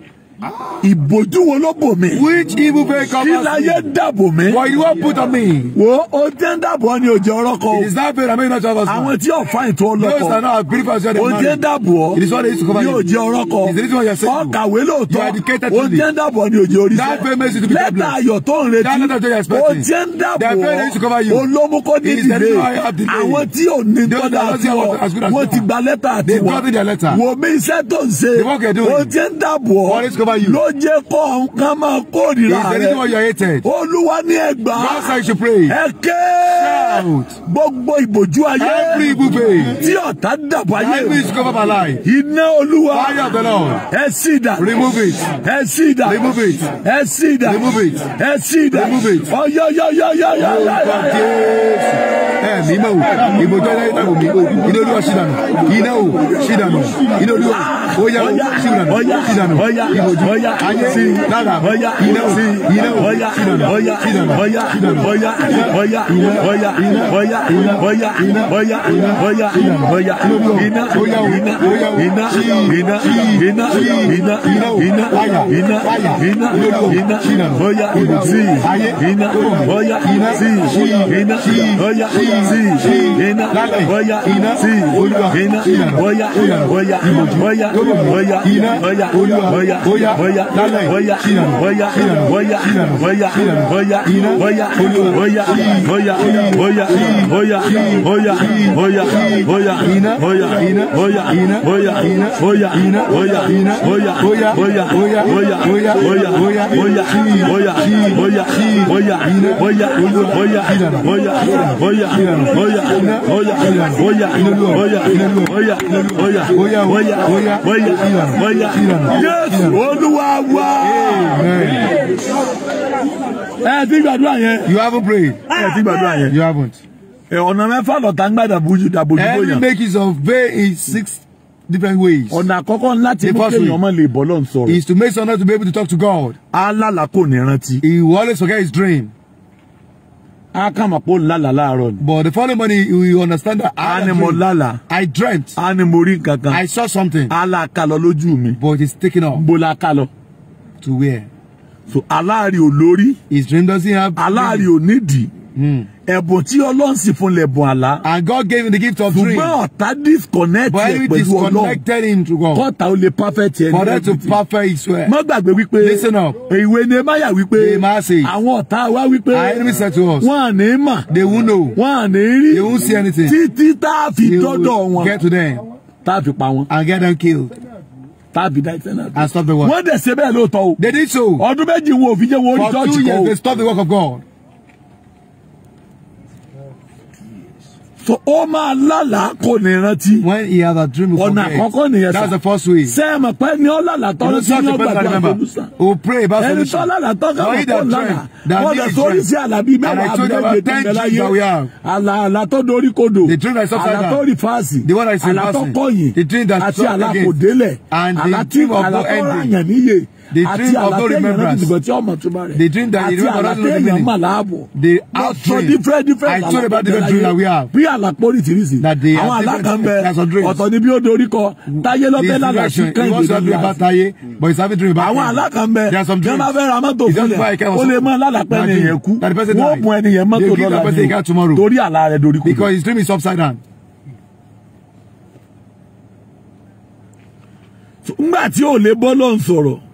ìbòjú wo ló bò mí. which evil veil covers me. kí láyé dàbò mí. for you wan put on me. wo o tẹ́ ń dàbò ni òjò ọ̀rọ̀ kọ. it is that veil that make you not travel. àwọn tí yóò fa ìtò ọlọ́kọ. those are not as beautiful as you dey marry. o tẹ́ ń dàbò. it is what they used to cover you. ni òjò ọ̀rọ̀ it is the reason why you are safe. ọkàwé lóòótọ́. you are educated today. o tẹ́ dàbò ni òjò orí sọ. that veil makes you to be jobless. lẹ́tà ayọ̀ tó ń retí. that letter to your expecting. o tẹ́ ń dàbò. the used to cover you. olómukọ́ ní dìde. àwọn tí ò ní tọ́jà sí ọ wọ́n ti gba lẹ́tà àti wọ́n. they letter. wo mi iṣẹ́ tó ń ṣe. the are doing. o tẹ́ ń over you. ló jẹ́ kó nǹkan máa kó ìrà rẹ. is anything on your hated. olúwa ní ẹgbà. master you should pray. ẹ ké. gbogbo ìbòjú ayé. every ibùgbé. tí ọ̀tá dàbọ̀ ayé. every is covered by life. iná olúwa. fire of the lord. ẹ sì dà. remove it. ẹ sì dà. remove it. ẹ sì dà. remove it. ẹ sì dà. remove it. ọyọyọyọyọyọ. olùkọ́ jésù. ẹ mi máa wò ìbòjú ayé tàbí mi ò iná olúwa ṣì dànù iná ò ṣì dànù iná olúwa ó yà ó ṣì dànù ṣì dànù ìbòjú lójú bóyá sí lára bóyá sí bóyá bóyá bóyá bóyá bóyá bóyá bóyá bóyá bóyá bóyá bóyá iná iná iná iná iná iná iná iná iná iná bóyá sí iná bóyá sí iná bóyá sí iná bóyá sí iná bóyá bóyá bóyá bóyá bóyá bóyá bóyá bóyá bóyá bóyá bóyá bóyá bóyá bóyá bóyá bóyá bóyá bóyá bóyá bóyá bóyá bóyá ina bóyá ina bóyá ina bóyá ina bóyá ina bóyá ina bóyá bóyá bóyá bóyá bóyá bóyá bóyá bóyá bóyá bóyá bóyá bóyá ina bóyá bóyá ina bóyá bóyá bóyá ina bóyá bóyá ina bóyá bóyá bóyá bóyá bóyá bóyá bóyá yes you haven't prayed. ẹ you haven't. ọ̀nà mẹ́fà lọ̀tá ń gbà dàbójú dàbójú bóyá. every make use of pay six different ways. ọ̀nà àkọ́kọ́ láti mú kéèyàn máa lè bọ́ lọ́n sọ̀rọ̀. is to make someone to be able to talk to God. alálàkò ní rántí. he will always forget his dream a kàn mọ̀ pé ó lálàá láàárọ̀ but the following morning you, understand that. a ni I dreamt. a ni I saw something. a la ka lọ but it's taken off. bó la to where. so Allah, ò lórí. his dream doesn't have. aláàrí ò nídìí. Hmm ẹ̀bùn tí ọlọ́run sì fún lẹ̀bùn àlá. and God gave him the gift of dream. ṣùgbọ́n ọ̀tá disconnect ẹ̀ pẹ̀lú ọlọ́run. him to God. kọ́ta ó lè perfect ẹni. for them to perfect his way. má gbàgbé wípé. listen up. ìwé Nehemiah wípé. Nehemiah say. àwọn ọ̀tá wa wípé. our enemy said to us. wọn à ní mà. they won't know. wọn à ní rí. they won't see anything. títí tá a fi dọ́dọ̀ wọn. get to them. tá a fi pa wọn. and get them killed tàbí dáìtẹ́ náà. and stop the work. wọ́n dẹ̀ ṣe bẹ́ẹ̀ lóòótọ́ o. they did so. ọdún méjì wo òfin jẹ́ wo orí church kọ́ o. for two years they stop the work of God. so ó máa lálàá kò ní rántí. when he had a dream before ọ̀nà àkọ́kọ́ nìyẹn sá that's the first way. sẹ́ẹ̀mọ̀ pé ni ó lálàá tọ́ sí ní ọgbà tó àfojúsùn. o pray about solution. ẹni tó lálàá tọ́ ká wọ́n kó lánàá wọ́n lè sórí sí àlàbí mẹ́wàá abẹ́rẹ́ tẹ́ńtẹ́láyé àlà àlà tó dorí kodò àlà tó rí fáàsì àlà tó kọ̀yìn àti àlà kò délẹ̀ àlà tí àlà tó rà yàn níyè àti àlàtẹ̀ yẹn náà dìbò tí ọmọ tó bá rẹ̀ àti àlàtẹ̀ yẹn you láàbọ̀ The different different àlàtẹ̀ bí àlàpọ̀ oríṣiríṣi àwọn alákànbẹ ọ̀tọ̀ ni bí ó dorí kọ táyé lọ́fẹ́ lálẹ́ sí kẹ́hìndé àwọn alákànbẹ bí wọ́n bá fẹ́ ra mọ́tò fúnlẹ̀ ó lè mọ́ lálàpẹ́ ni yẹn kú wọ́n bùn ẹni yẹn mọ́tò lọ́la torí àlà rẹ̀ dorí kọ. because his dream is upside down. ngbà tí ò lè bọ́ lọ́n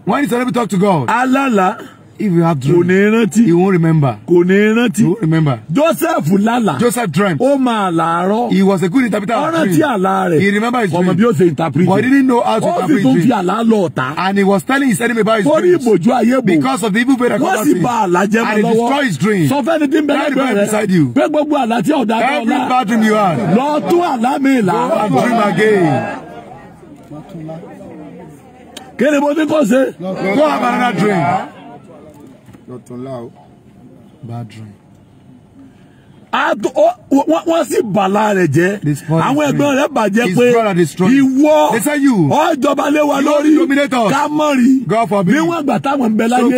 When let me talk to God? Alala. If you have dream, kò ní You won't remember. Kò ní You won't remember. Joseph lala. Joseph dreamt. Ó máa làárọ̀. He was a good interpreter of dreams. Ó He remembered his dream. Ọmọ bí ó ṣe interpret. But he didn't know how to interpret dreams. Ó And he was telling his enemy about his dreams. Because of the evil bed that comes out. Wọ́n And he destroyed his dreams. So fẹ́ni dín bẹ́ẹ̀ bẹ́ẹ̀ beside you. Pé gbogbo àlá tí Every bad dream you had. Lọ tún àlá mi là. Go and dream again kí ni mo ti kọ́ ṣe. go have another drink. lọ́tún láò bad drink. Wọ́n sì bàlá rẹ̀ jẹ́. Àwọn ẹ̀gbọ́n rẹ̀ bàjẹ́ pé ìwọ ọ̀jọba lé wa lórí ká mọ̀ rí. Níwọ̀n ìgbà táwọn ń bẹ láyé,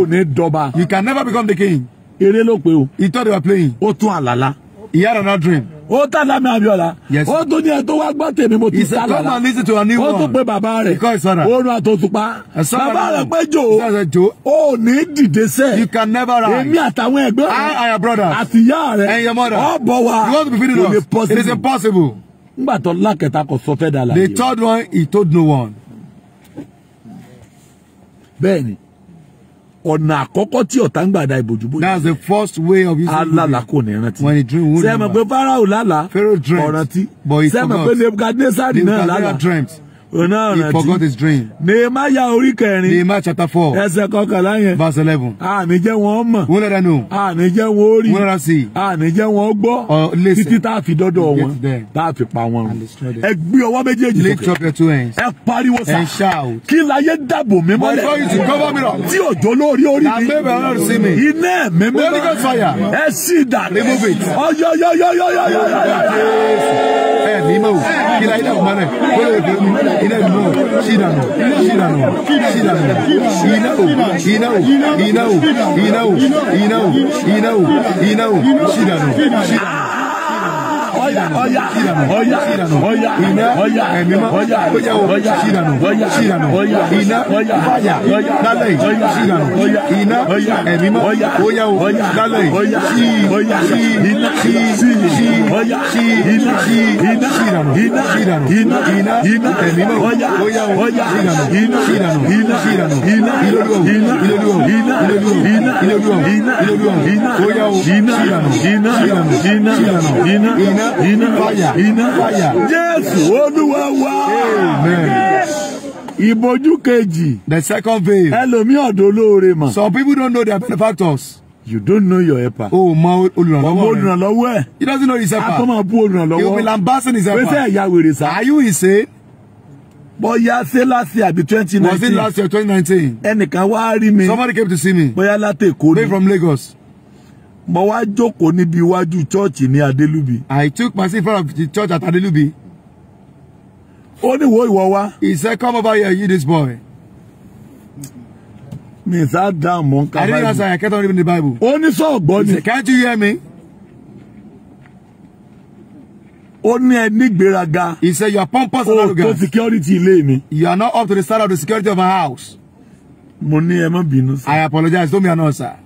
ò ní dọba. You can never become the king. ló pe o. He thought they were playing. Ó tún àlàlá. He had another dream. Ó tà lámì Abíọ́lá. Yes. Ó tún ní ẹ tó wá gbọ́ tèmi mo ti sá lọ́la. He said come and listen to a new one. Ó tún pe bàbá rẹ̀. Because it's honor. Oorun àtòtùpá. Bàbá rẹ̀ pé jò. He said jò. O ò ní dìde sẹ́. You can never rise. Èmi àtàwọn ẹgbẹ́ rẹ̀. I and your brother. Àti ìyá rẹ̀. And your mother. Ọ bọ̀ wá. You want to be feeding us. Possible. It is impossible. Ngbà tó lákẹ̀ta kò sọ fẹ́ dà láyé. The third one he told no one. Bẹ́ẹ̀ni ọ̀nà àkọ́kọ́ tí ọ̀tá ń gbà da ìbòjúbò. that's the first way of using. alala kò ní rántí. when he dream who remember. sẹ́mi pé farao lálàá. pharaoh dreamt but he forgot. sẹ́mi pé nebukadnezar náà lálàá. nebukadnezar dreamt náà he forgot his dream. Nehemiah ya orí kẹrin. Nehemiah chapter four. ẹsẹ̀ kọkànlá yẹn. verse eleven. àní jẹ́ wọn mọ̀. wọ́n lọ́dà nù. àní jẹ́ wọn rí. wọ́n lọ́dà sí. àní jẹ́ wọn gbọ́. ọ lẹ́sẹ̀ títí tá a fi dọ́dọ̀ wọn. tá a fi pa wọn. ẹ gbé ọwọ́ méjèèjì lókè. lift up your two hands. ẹ pariwo sa. and shout. kí láyé dàbò mi mọ́lẹ̀. my God is the governor. tí òjò lórí orí mi. na baby ọlọ́run sí mi. iná mi mọ́. wọ́n ní kò fàyà. ẹ sì dà. remove it. ọyọyọyọyọyọyọyọyọ. ẹ ní mọ̀ o kí inanno sinano sinano sinano inau inau inau inau inau inau inau sinano sinano ọ̀yà ọ̀yà ọ̀yà iná ọ̀yà ẹ̀mímọ́ ọ̀yà ọ̀yà ṣìdànù ọ̀yà ṣìdànù ọ̀yà iná ọ̀yà ọ̀yà lálẹ́ yìí ọ̀yà ṣìdànù ọ̀yà iná ọ̀yà ẹ̀mímọ́ ọ̀yà ọ̀yà ọ̀yà lálẹ́ yìí ọ̀yà ṣì ọ̀yà ṣì iná ṣì ṣì ọ̀yà ṣì iná ṣì iná ṣìdànù iná ṣìdànù iná iná iná ẹ̀mímọ́ ọ̀yà ọ̀yà ọ̀yà ṣìdànù iná ṣìdànù iná ṣìdànù iná iloluwa iná iloluwa iná iloluwa iná iloluwa iná iloluwa iná ọ̀yà iná ṣìdànù iná ṣìdànù iná ṣìdànù iná iná iná fàyà iná fàyà Jésù Olúwa wa. Amen ìbojú kejì. the second veil. ẹlòmíì ọ̀dọ̀ olóore mà. some people don't know their benefactors. you don't know your Epa. o mọ olùrànlọ́wọ́ rẹ. ọmọ olùrànlọ́wọ́ he doesn't know his Epa. helper. akọ́mọ̀ bú olùrànlọ́wọ́. he will be lambasting his helper. pèsè ẹ̀yà wèrè sá. are you insane? bóyá ṣé last year àbí twenty nineteen. was it last year twenty nineteen. ẹnìkan wá rí mi. somebody came to see me. bóyá látẹ̀kọ́ ni. way from Lagos mo wá jókòó níbi iwájú chọ́ọ̀chì ní Adélúbi. I took my seat in the church at Adelubi. ó ní wo ìwọ wá. He said come over here you this boy. mi sá dáhùn mọ́ nǹkan Bible. I didn't answer I kept on reading the Bible. ó ní sọ̀gbọ́n ni. He said can't you hear me. ó ní ẹ ní gbéraga. He said you are pompous and arrogant. o tó security ilé mi. You are not up to the standard of the security of my house. mo ní ẹ má bínú sí. I apologize don't be an answer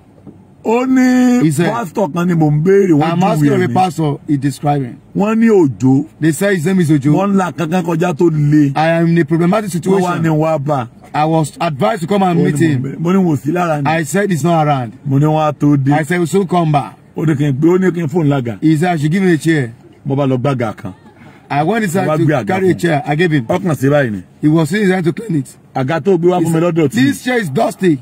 ó ní pásítọ̀ kan ni mò ń béèrè wọ́n júwe ni. I'm asking a pastor he describing. wọ́n ní Òjó. they say his name is Òjó. wọ́n la kankan kọjá tó le. I am in a problematic situation. wọ́n wà ní wàá bá. I was advised to come and meet him. mo ní wò sí lára ni. I said he's not around. mo ní wàá tó dé. I said he will soon come back. ó ní kí n gbé ó ní kí n fóònù lága. he said I should give him a chair. mo bá lọ gbàgà kan. I went inside to carry a chair. I gave him. ọkàn sí báyìí ni. He was still trying to clean it. àga tó gbé wá fún mi lọ́dọ̀ tí. This chair is dusty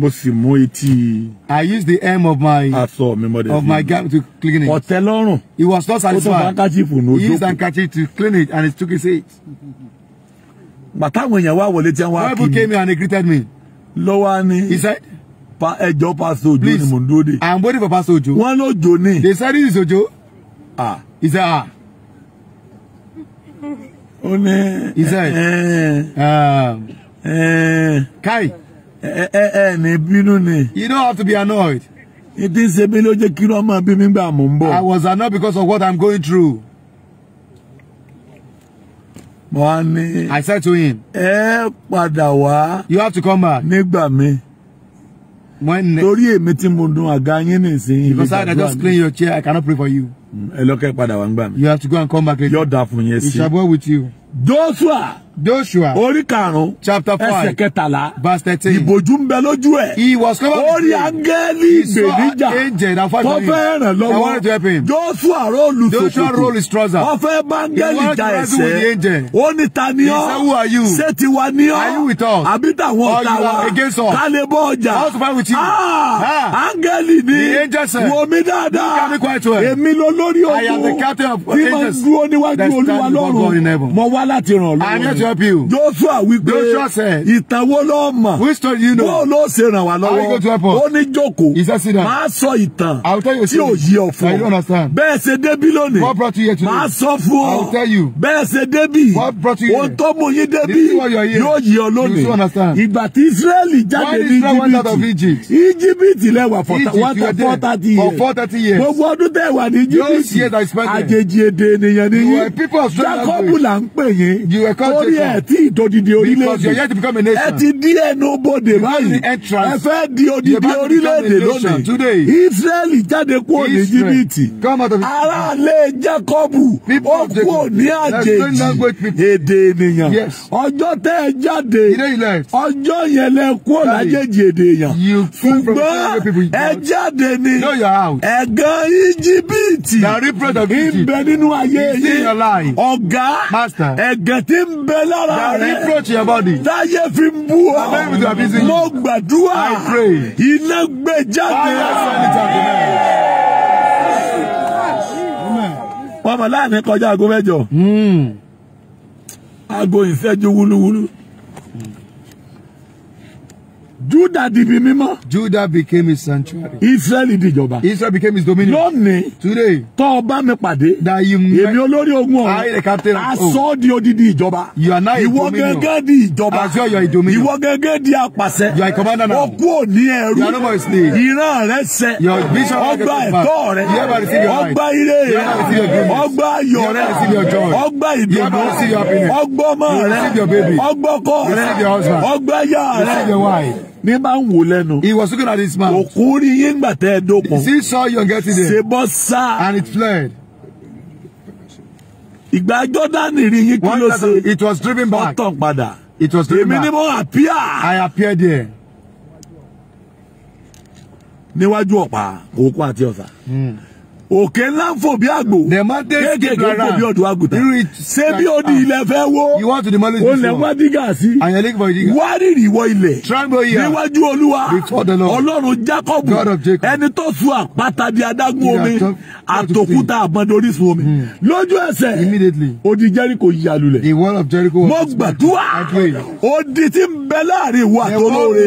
mo mú etí. I used the hem of my. aṣọ mi mọ de. of my gown to clean it. ọ̀tẹ́ lọ́rùn. he was not satisfied. ó tún handkerchief ní ojú. he used handkerchief to clean it and he took his seat. bàtàwọn èèyàn wá wọlé tí wọn á kí mi. bible came here and he greeted me. lọ́wọ́ ni. he said. pa ẹjọ́ pastor Ojo ni mo ń dúró de. I am waiting for pastor Ojo. wọ́n ló jò they said this is Ojo. ah. he said ah. ó ní. he said. ẹ̀ẹ́n. Um, ẹ̀ẹ́n. kai. Eh, eh, eh, you don't have to be annoyed. ìdí ṣe mi ló jẹ́ kí ló máa bí mi gbà I was annoyed because of what I'm going through. mo I said to him. ẹ padà wá. you have to come back. nígbà mi. when. torí èmi tí mo dun àga yín nìsín. because I just clean your chair I cannot pray for you ẹ padà wá ń gbà mí. you have to go and come back again. yóò dà fún yẹn sí. it shall go with you. Joshua. Joshua. Orí karùn-ún. Chapter five. Ẹsẹ̀ kẹtàlá. Verse thirteen. Ìbòjú ń bẹ lójú ẹ̀. He was covered with blood. Orí angẹ́lì ìgbèníjà. Angel na five Tọ́fẹ́ ràn lọ́wọ́. I wanted to help him. Joshua roll his trouser. Joshua roll his trouser. Ọfẹ́ bangẹ́lì da ẹsẹ̀. He wanted to with the angel. Ó ní ta ni ọ́. He said who are you? Ṣé ti wa ni ọ́? Are you with us? Àbí tàwọn ọ̀tá wa? Or you against us? Ká lè ọjà. How to fight with you? Ah! Angẹ́lì ah! ni. The angel said. Wò mí dáadáa. Look at me quite well olórí ogun. I am the captain of angels. Tí máa dúró níwájú Olúwa lọ́run. Mo wá láti ràn lọ́wọ́. I am here to help you. Joshua wípé. Joshua said. Ìtàn wo ló mọ̀? Which story you know? Bó ló ṣe ràn wá lọ́wọ́? How you go to help us? Ó ní jókòó. He said sit down. Máa sọ ìtàn. I will tell you a story. Tí ò yí ọ fún I don't understand. Bẹ́ẹ̀ ṣe débí lónìí. What brought you here today? Máa sọ fún ọ. I will tell you. Bẹ́ẹ̀ ṣe débí. What brought you here? Ohun tó mú yín débí. Yóò yí ọ lónìí. You understand. Ìgbà tí Ísírẹ́lì jáde ní Egypt Íjíbítì lẹ́wà for four thirty years. For four thirty years. Gbogbo ọdún tẹ̀ wà ní Íjíbítì this year that is ni yín. you are people of strong language. Jacob là ń pè because you are yet to become a nation. ẹ ti di ẹnu bodè báyìí. ẹ fẹ́ di odidi orílẹ̀-èdè lónìí. Israẹli jáde kúrò ní Íjíbítì. aráàlẹ̀ Jacob ó kúrò ní àjèjì èdè ènìyàn. ọjọ́ tẹ́ ẹ jáde ọjọ́ yẹn lẹ kúrò lájèjì èdè èèyàn. ṣùgbọ́n ẹ jáde ni ẹ̀gán Íjíbítì the of reproductive ń bẹ nínú ayé yín ọ̀gá ẹ̀gẹ̀ tí ń bẹ lára rẹ̀ táyé fi ń bú ọ mo gbàdúrà iná gbé jáde wọn mọ láàrin kọjá aago mẹ́jọ hmm. aago ìfẹjú wúlúwúlú. Judah di ibi mímọ́. Judah became his sanctuary. Israel di ìjọba. Israel became his dominion. Lónìí. Today. Tọ́ ọ bá mi pàdé. That you met. Èmi olórí ogun ọ̀run. I the captain of all. Aṣọ di odidi ìjọba. You are now a dominion. Ìwọ gẹ́gẹ́ di ìjọba. As you are a dominion. gẹ́gẹ́ di apàṣẹ. You are a commander now. Okú ò ẹrú. You are no more a slave. Ìran rẹ sẹ. Your bishop Ọgbà ẹ̀tọ́ rẹ. You have received your right. Ọgbà ire rẹ. You have received your goodness. Ọgbà ayọ̀ rẹ. You have received your joy. Ọgbà ìdùnnú. You have received your happiness. Ọgbà ọmọ rẹ. You have your baby. Ọgbọ́kọ rẹ. You have your husband. Ọgbà ìyá rẹ. You have your wife ní máa ń wò lẹ́nu. he was looking at this man. òkú rí yín gbà dókun. he saw you getting there. ṣe bọ́ sá. and it fled. ìgbà Jọ́dánì rí yín kí ló ṣe. it was driven back. ọ̀tàn padà. it was driven back. èmi ni mo appear. I appeared there. níwájú ọ̀pá òkú àti ọ̀sà. Mm òkè ńlá ń fò bí àgbò kéékèèké ń fò bí ọ̀dọ̀ àgùntàn ṣé bí ó di ilẹ̀ fẹ́ wó o lẹ̀ wá dígà sí wárìrì wọ ilẹ̀ níwájú olúwa ọlọ́run jákọ́bù ẹni tó su àpáta di adágún omi àtòkúta àbọ̀dọ̀ orísun omi hmm. lójú ẹsẹ̀ odi jẹ́ríkò yà lulẹ̀ mo gbàdúrà odi ti ń bẹ láàrin ìwà tó lóore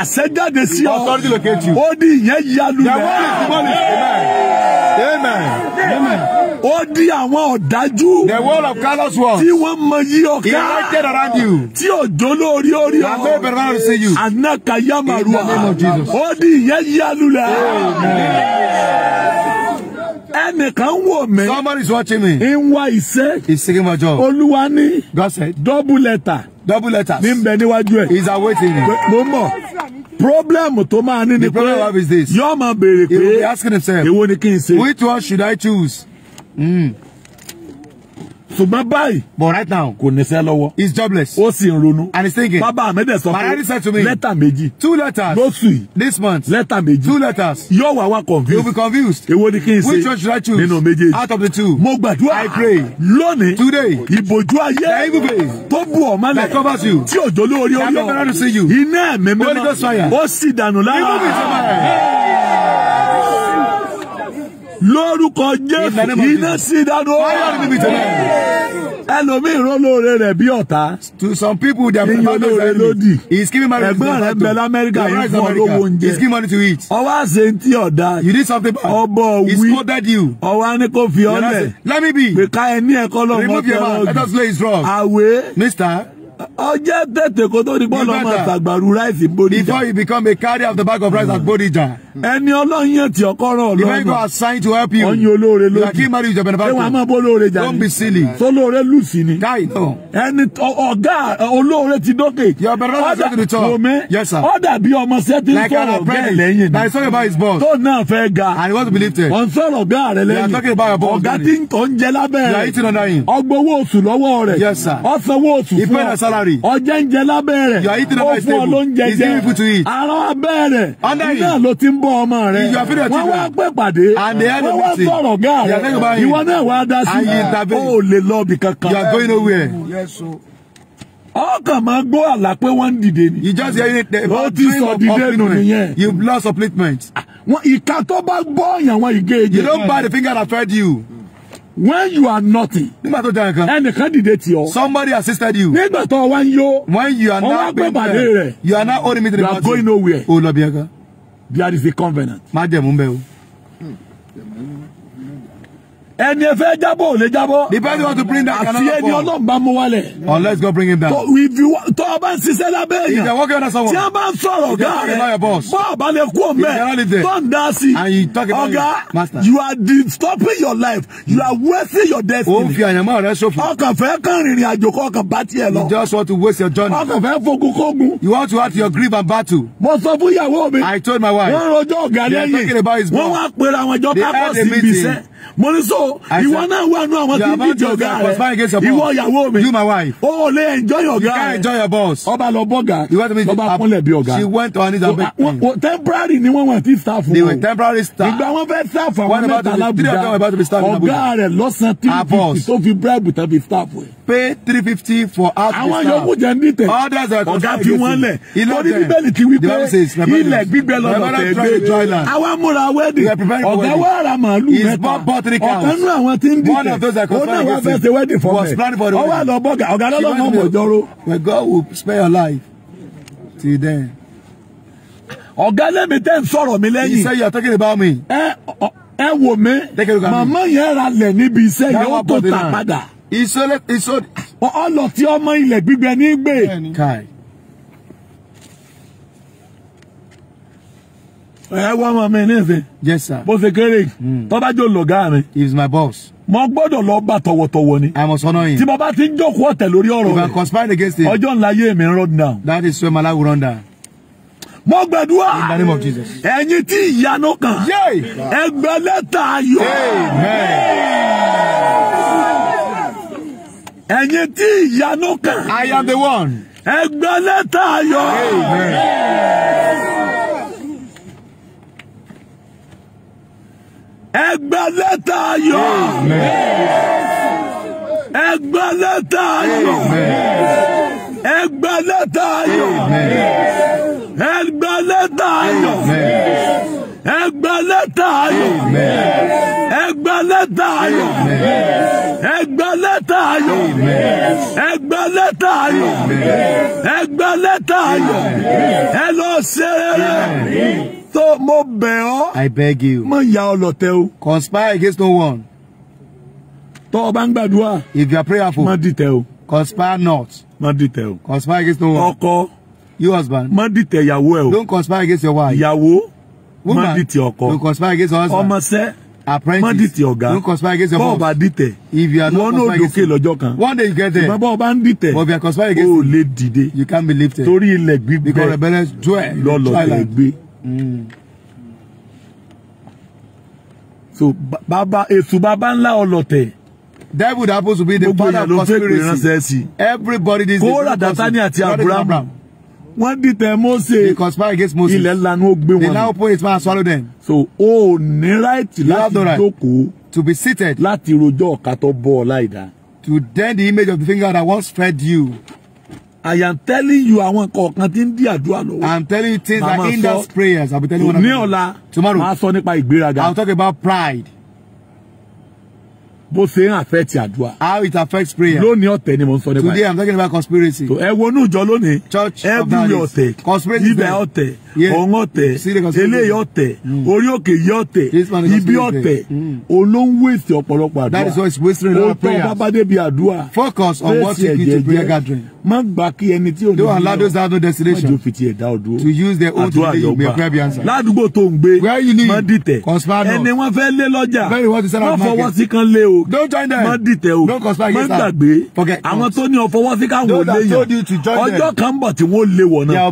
àṣẹjáde sí ọ odi yẹn yà lulẹ̀ ó di àwọn ọ̀dájú. the world of callous ones. tí wọ́n mọ yí ọ̀ká. he erected around you. tí òjò lórí orí ọ̀. and no better to see you. anaka yamaruwa. in the name of Jesus. ó di ìyẹn yálùlá. amen ẹnìkan wò mí. somebody is watching me. ń wá iṣẹ́. he's seeking my job. olúwa ní. God said. double letter. double letters. ní bẹ níwájú ẹ. he's awaiting me. mo mọ̀ problem tó máa ní ni pé yóò máa béèrè pé èwo ni kí n ṣe. which one should I choose? Mm ṣùgbọ́n báyìí but right now kò níṣẹ́ lọ́wọ́. he is jobless. ó sì ń ronú. and he is thinking. bàbá ahmed sọ pé Maradi said to me. lẹ́tà méjì. two letters. lóṣù yìí. this month. lẹ́tà méjì. two letters. yóò wá wá confused. you will be confused. èwo ni kí n ṣe. which one should I choose. nínú méjèèjì. out of the two. mo gbàdúrà. I pray. lónìí. today. ìbòjú ayé. the evil face. tó bu ọ̀ mọ́lẹ̀. that covers you. tí òjò lórí orí ọ̀. I am not going to see you. iná ẹ̀mí holy ghost fire. ó sì dànù lára. remove it from lórúkọ Jésù iná sí ìdáná ẹlòmíì rọlóore rẹ bí ọ̀tá to some people their purpose is lòdì ẹ̀gbọ́n rẹ bẹ lamẹrika yìí fún olówó oúnjẹ ọwọ àṣẹ ń tí ọdá ọbọ wí ọwọ ni kò fi ọlẹ pé ká ẹ ní ẹ̀kọ́ lọmọ tẹlọ àwẹ ọjẹ tètè kó tó di bọ́ọ̀lù ọmọ àtàgbàrú ráìsì Bódìjà. before you become a carrier of the bag of rice at mm. Bódìjà ẹni ọlọ́run yẹn ti ọkọ rọ ọlọ́run. if I go assign to help you. ọyìn olóore lójú. yàtí mari ìjọba ẹni bá tó. ṣé wàá máa bó olóore jà ní. don't be silly. sólóore lù sí ni. káì náà. ẹni ọ̀gá olóore ti dókè. your brother was at the top. ọ̀dà yes sir. ọ̀dà bí ọmọ ṣe ti ń sọ̀rọ̀ bẹ́ẹ̀ lẹ́yìn ni. like I talking about his boss. tó náà fẹ́ ga. and he was believed. wọ́n sọ̀rọ̀ ọ̀gá rẹ lẹ́yìn. You are talking about your boss. ọ̀gá tí ń tọ́ ń jẹ lábẹ́ rẹ̀. you are eating under him. yes sir. ọ̀sánwó oṣù fún he paid her salary. ọjẹ́ you are eating under his table. ó giving food to eat. àrọ́ abẹ́ rẹ̀ bọ́ ọmọ rẹ wọ́n wá pẹ́ pàdé wọ́n wá sọ̀rọ̀ gá rẹ ìwọ náà wá dá sí ó lè lọ bì kankan. you are going nowhere. ọkàn máa gbọ́ àlá pé wọ́n ń dìde ni. you just hear it. ó ti sọ dìde nù nìyẹn. you lost appointment. Ah, wọn ìka tó bá gbọ́ ọ̀yàn wọn ìgé ejè. you don't buy the finger that tried you. when you are nothing. nígbà tó jẹ nǹkan. ẹnìkan dìde tì ọ. somebody assisted you. nígbà tó wá ń yó. when you are not being there. you are not holding me to the mountain. you are going nowhere. o lọ bí ẹ kan. There is a covenant. Májẹ̀mú ń bẹ o ẹni ẹ fẹ́ jábọ̀ ò lè jábọ̀. the person want to bring down cannot fall. àfi ẹni ọlọ́run bá mú wálẹ̀. Oh, let's go bring him down. so if you tọ́ ọ bá ń ṣiṣẹ́ lábẹ́ èèyàn. if you are working under someone. tí a bá ń sọ̀rọ̀ ọ̀gá rẹ̀ bọ́ ọ̀bá lè kú ọ̀mẹ́ tó ń dá sí. and you talk about your master. ọ̀gá you are disturbing your life you are wasting your destiny. o oh, fi àyànmọ́ rẹ ṣòfò. ọkàn fẹ́ kàn rìnrìn àjò kọ́ ọkàn bá tiẹ̀ lọ. you just want to waste your journey. ọkàn fẹ́ fogun kógun. you want to add your grief and battle. mo sọ fún ìyàwó mi. I told my wife. wọ́n rojọ́ ọ̀gá lẹ́yìn. they are talking about his boss. wọ́n wá pera àwọn ìjọ kápọ̀ sí ibi iṣẹ́. mo ní so o ìwọ náà wà nù àwọn tí ń díje ọ̀gá rẹ ìwọ ìyàwó mi o lè enjoy your guy. Enjoy You ọ̀gá rẹ ọba lọ bọ́gà lọba kúnlẹ̀ bí ọ̀gá temporary ni wọ́n wà tí staff wọn ìgbà wọn fẹ́ staff àwọn mẹ́ta alábùdá ọ̀gá rẹ lọ́sàn-án tí tó fi bribe tàbí staff ẹ̀. pay three fifty for out the staff. àwọn yòókù jẹ́ ní tẹ̀ ọ̀gá fi wọ́n lẹ̀ torí bíbélì ti wí pé ilẹ̀ gbígbẹ lọ́dọ̀ tẹ̀ gbé àwa múra wedding ọ̀gá wa ra màálù mẹ́ta ọ̀kan nínú àwọn tí ń bí kẹ ó náà wá fẹsẹ̀ wẹ́dì fọmẹ ọ wà lọ bọ́gà ọ̀gá lọ́lọ́mọ mọ̀jọ́rọ́. May God will spare your life till then. ọ̀gá lẹ́mi tẹ́ ń sọ̀rọ̀ mi lẹ́yìn. He said you are talking about me. ẹ ẹ wò mí màmá yẹn ra lẹ̀ níbi iṣẹ́ yẹn ó tó tà padà. ìṣòlẹ̀ ìṣòlẹ̀. ọlọ́tí ọmọ ilẹ̀ gbígbẹ ní gbé. ẹ wá ọmọ mi ní ìsìn. yes sir. bó ṣe kéré yìí. Hmm. tó bá jò lọ̀gá mi. he is my boss. mo gbọ́dọ̀ lọ bá tọ̀wọ̀tọ̀wọ̀ ni. i must honour him. tí mo bá ti ń jókòó ọ̀tẹ̀ lórí ọ̀rọ̀ rẹ̀. if i conspire against him. ọjọ́ ńlá yé mi run down. that is when Malawi, life will run down mo gbàdúrà in the name of Jesus ẹ̀yin tí ìyanu kan ẹgbẹ́ lẹ́tà ayọ̀ ẹ̀yin tí ìyanu kan I am the one ẹgbẹ́ lẹ́tà ayọ̀. ẹgbẹ́ lẹ́tà ayọ̀ ẹgbẹ́ lẹ́tà ayọ̀ ẹgbẹ́ lẹ́tà ayọ̀ ẹgbẹ́ lẹ́tà ayọ̀ ẹgbẹ́ lẹ́tà ayọ̀ ẹgbẹ́ lẹ́tà ayọ̀ ẹgbẹ́ lẹ́tà ayọ̀ ẹgbẹ́ lẹ́tà ayọ̀ ẹgbẹ́ lẹ́tà ayọ̀ ẹ lọ ṣe rere. So mo bẹ̀ ọ́. I beg you. Má ya ọlọ̀tẹ̀ o. Conspire against no one. Tọ́ ọ bá ń gbàdúrà. If you are prayerful. Má dìtẹ̀ o. Conspire not. Má dìtẹ̀ o. Conspire against no one. Ọkọ. You husband. Má dìtẹ̀ ìyàwó ẹ o. Don't conspire against your wife. Ìyàwó. Woman. Má dìtẹ̀ ọkọ. Don't conspire against your husband. Ọmọṣẹ́. apprentice má dìtẹ̀ ọ̀gá don't conspire against your boss bọ́ọ̀ bá dìtẹ̀ if you are not conspire against one lọ́jọ́ kan one day you get there bọ́ọ̀ bá ń dìtẹ̀ but if you are conspire against o lè dìde you can't be lifted torí ilẹ̀ gbígbẹ́ because rebellion dwell lọ́lọ́ tẹ̀ gbé. Mm. So baba èṣù baba olote, that would happen to be the father of conspiracy. Everybody this Kórà Dátánì àti Abrahamu. Wọ́n dìtẹ̀ Mósè. They conspire against Moses. Ilẹ̀ lanu ó gbé wọn. They now put his mouth swallow them. So o ní right láti jókòó. To be seated. Láti rojọ́ ọ̀ka tó bọ́ ọ láìda. To dent the image of the finger that once fed you. I am telling you I want tí ń dí àdúrà I am telling you things Mama that hinders prayers. I'll be telling you one of them. Ní tomorrow, I'll talk about pride. Bó ṣe ń affect àdúrà. How it affects prayer. Lónìí ni mo ń sọ nípa. Today I'm talking about conspiracy. Ẹ wọnú ìjọ lónìí. Church of Dallas. Conspiracy is there. Ibẹ̀ ọ̀tẹ̀ ọ̀hún ọ̀tẹ̀ eléyìí ọ̀tẹ̀ mm. orí òkè yìí ọ̀tẹ̀ ibi ọ̀tẹ̀ mm. olóńwó èsì ọ̀pọ̀lọpọ̀ àdúrà ó tọ́ bábá débi àdúrà focus on what má gbà kí ẹni tí ò ní lọ má jò fìtì ẹ̀dá ọdún to use ládùúgbò tó ń gbé má dìtẹ̀ ẹni wọ́n fẹ́ lé lọ́jà má fọwọ́ sí kan lé o má dìtẹ̀ o má gbàgbé àwọn tó ní ọfọwọ́sí káwọn ò léyìn ọjọ́ kan bọ̀ tí wọ́n lé wọ̀ náà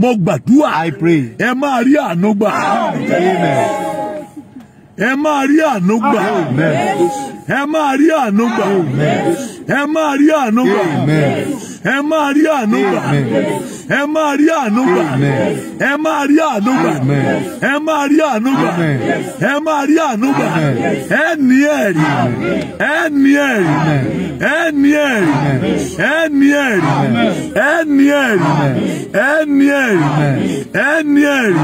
mo gbàdúrà ẹ máa rí àánú gbà ẹ máa rí àánú gbà. É Maria rí É Maria ẹ É Maria àánú É Maria máa É Maria gbà É Maria rí É Maria ẹ É Nieri. É Nieri. É Nieri. É Nieri. É Nieri. É Nieri. É Nieri.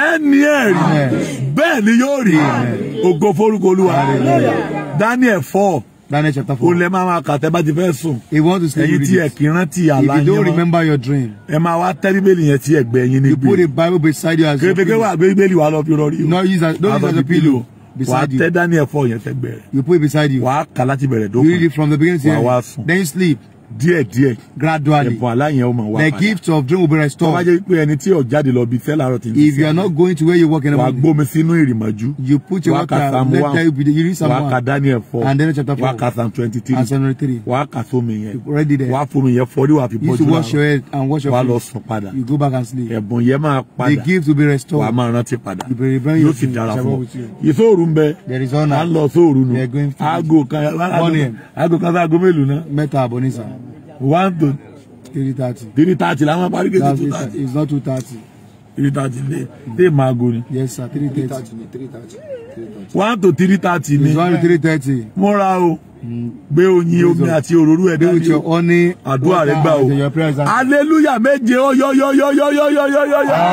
É Nieri. ẹ̀rí ẹ O ẹ̀rí ẹ ní ẹ̀rí Daniel four. Daniel chapter four. Olè máa ma kà tẹ́ bá ti fẹ́ sùn. If you want to sleep, read it. Ẹ̀yin tí ẹ kì í rántí If you don't remember your dream. Ẹ máa wá tẹ́ bíbélì yẹn tí ẹ̀gbẹ́ yín nígbè. You put the Bible beside you as your pillow. Kébékébé wà gbé bíbélì fi rọrí No use as don't use as a pillow. Wà á tẹ́ Daniel four yẹn tẹ́gbẹ́ rẹ̀. You put it beside you. Wà á kà láti bẹ̀rẹ̀ You read it from the beginning to the end. Then you sleep díẹ̀ díẹ̀ gradually ẹ̀bùn aláyẹn ó máa wá padà the gift of drink will be restored. tọ́wájú pé ẹni tí ò jáde lọ bí iṣẹ́ làárọ̀ tí ń sẹ́yìn. if you are not going to where you work anymore. wà á gbómi sínú ìrìnàjò. you put your water let there be you read Psalm one. wà á ka Daniel four and then chapter four. wà á ka Psalm twenty three. and Psalm twenty three. wà á ka sómi yẹn. ready there. wà á fomi yẹn fọrí wà á fi bọ́jú láàrọ̀. you should wash your head and wash your face. wà á lọ sùn padà. you go back and sleep. ẹ̀bùn yẹn máa padà. the gift will be restored. wà á máa rántí padà. you be very yóò sì dára fún ọ. ìṣòro ń bẹ. there is honour. à they are going to. aago kan aago kan náà. mẹ́ta àbọ̀ one to three thirty. three thirty la máa parí kéde two thirty. it's not two thirty. three thirty ní three mago ni. yes sir three thirty. one to three thirty ni. it's one to three thirty. múra o mm. gbé oyin omi àti òróró ẹ̀ dání o àdúrà rẹ̀ gbà o hallelujah méje ó yọ yọ yọ yọ yọ yọ yọ.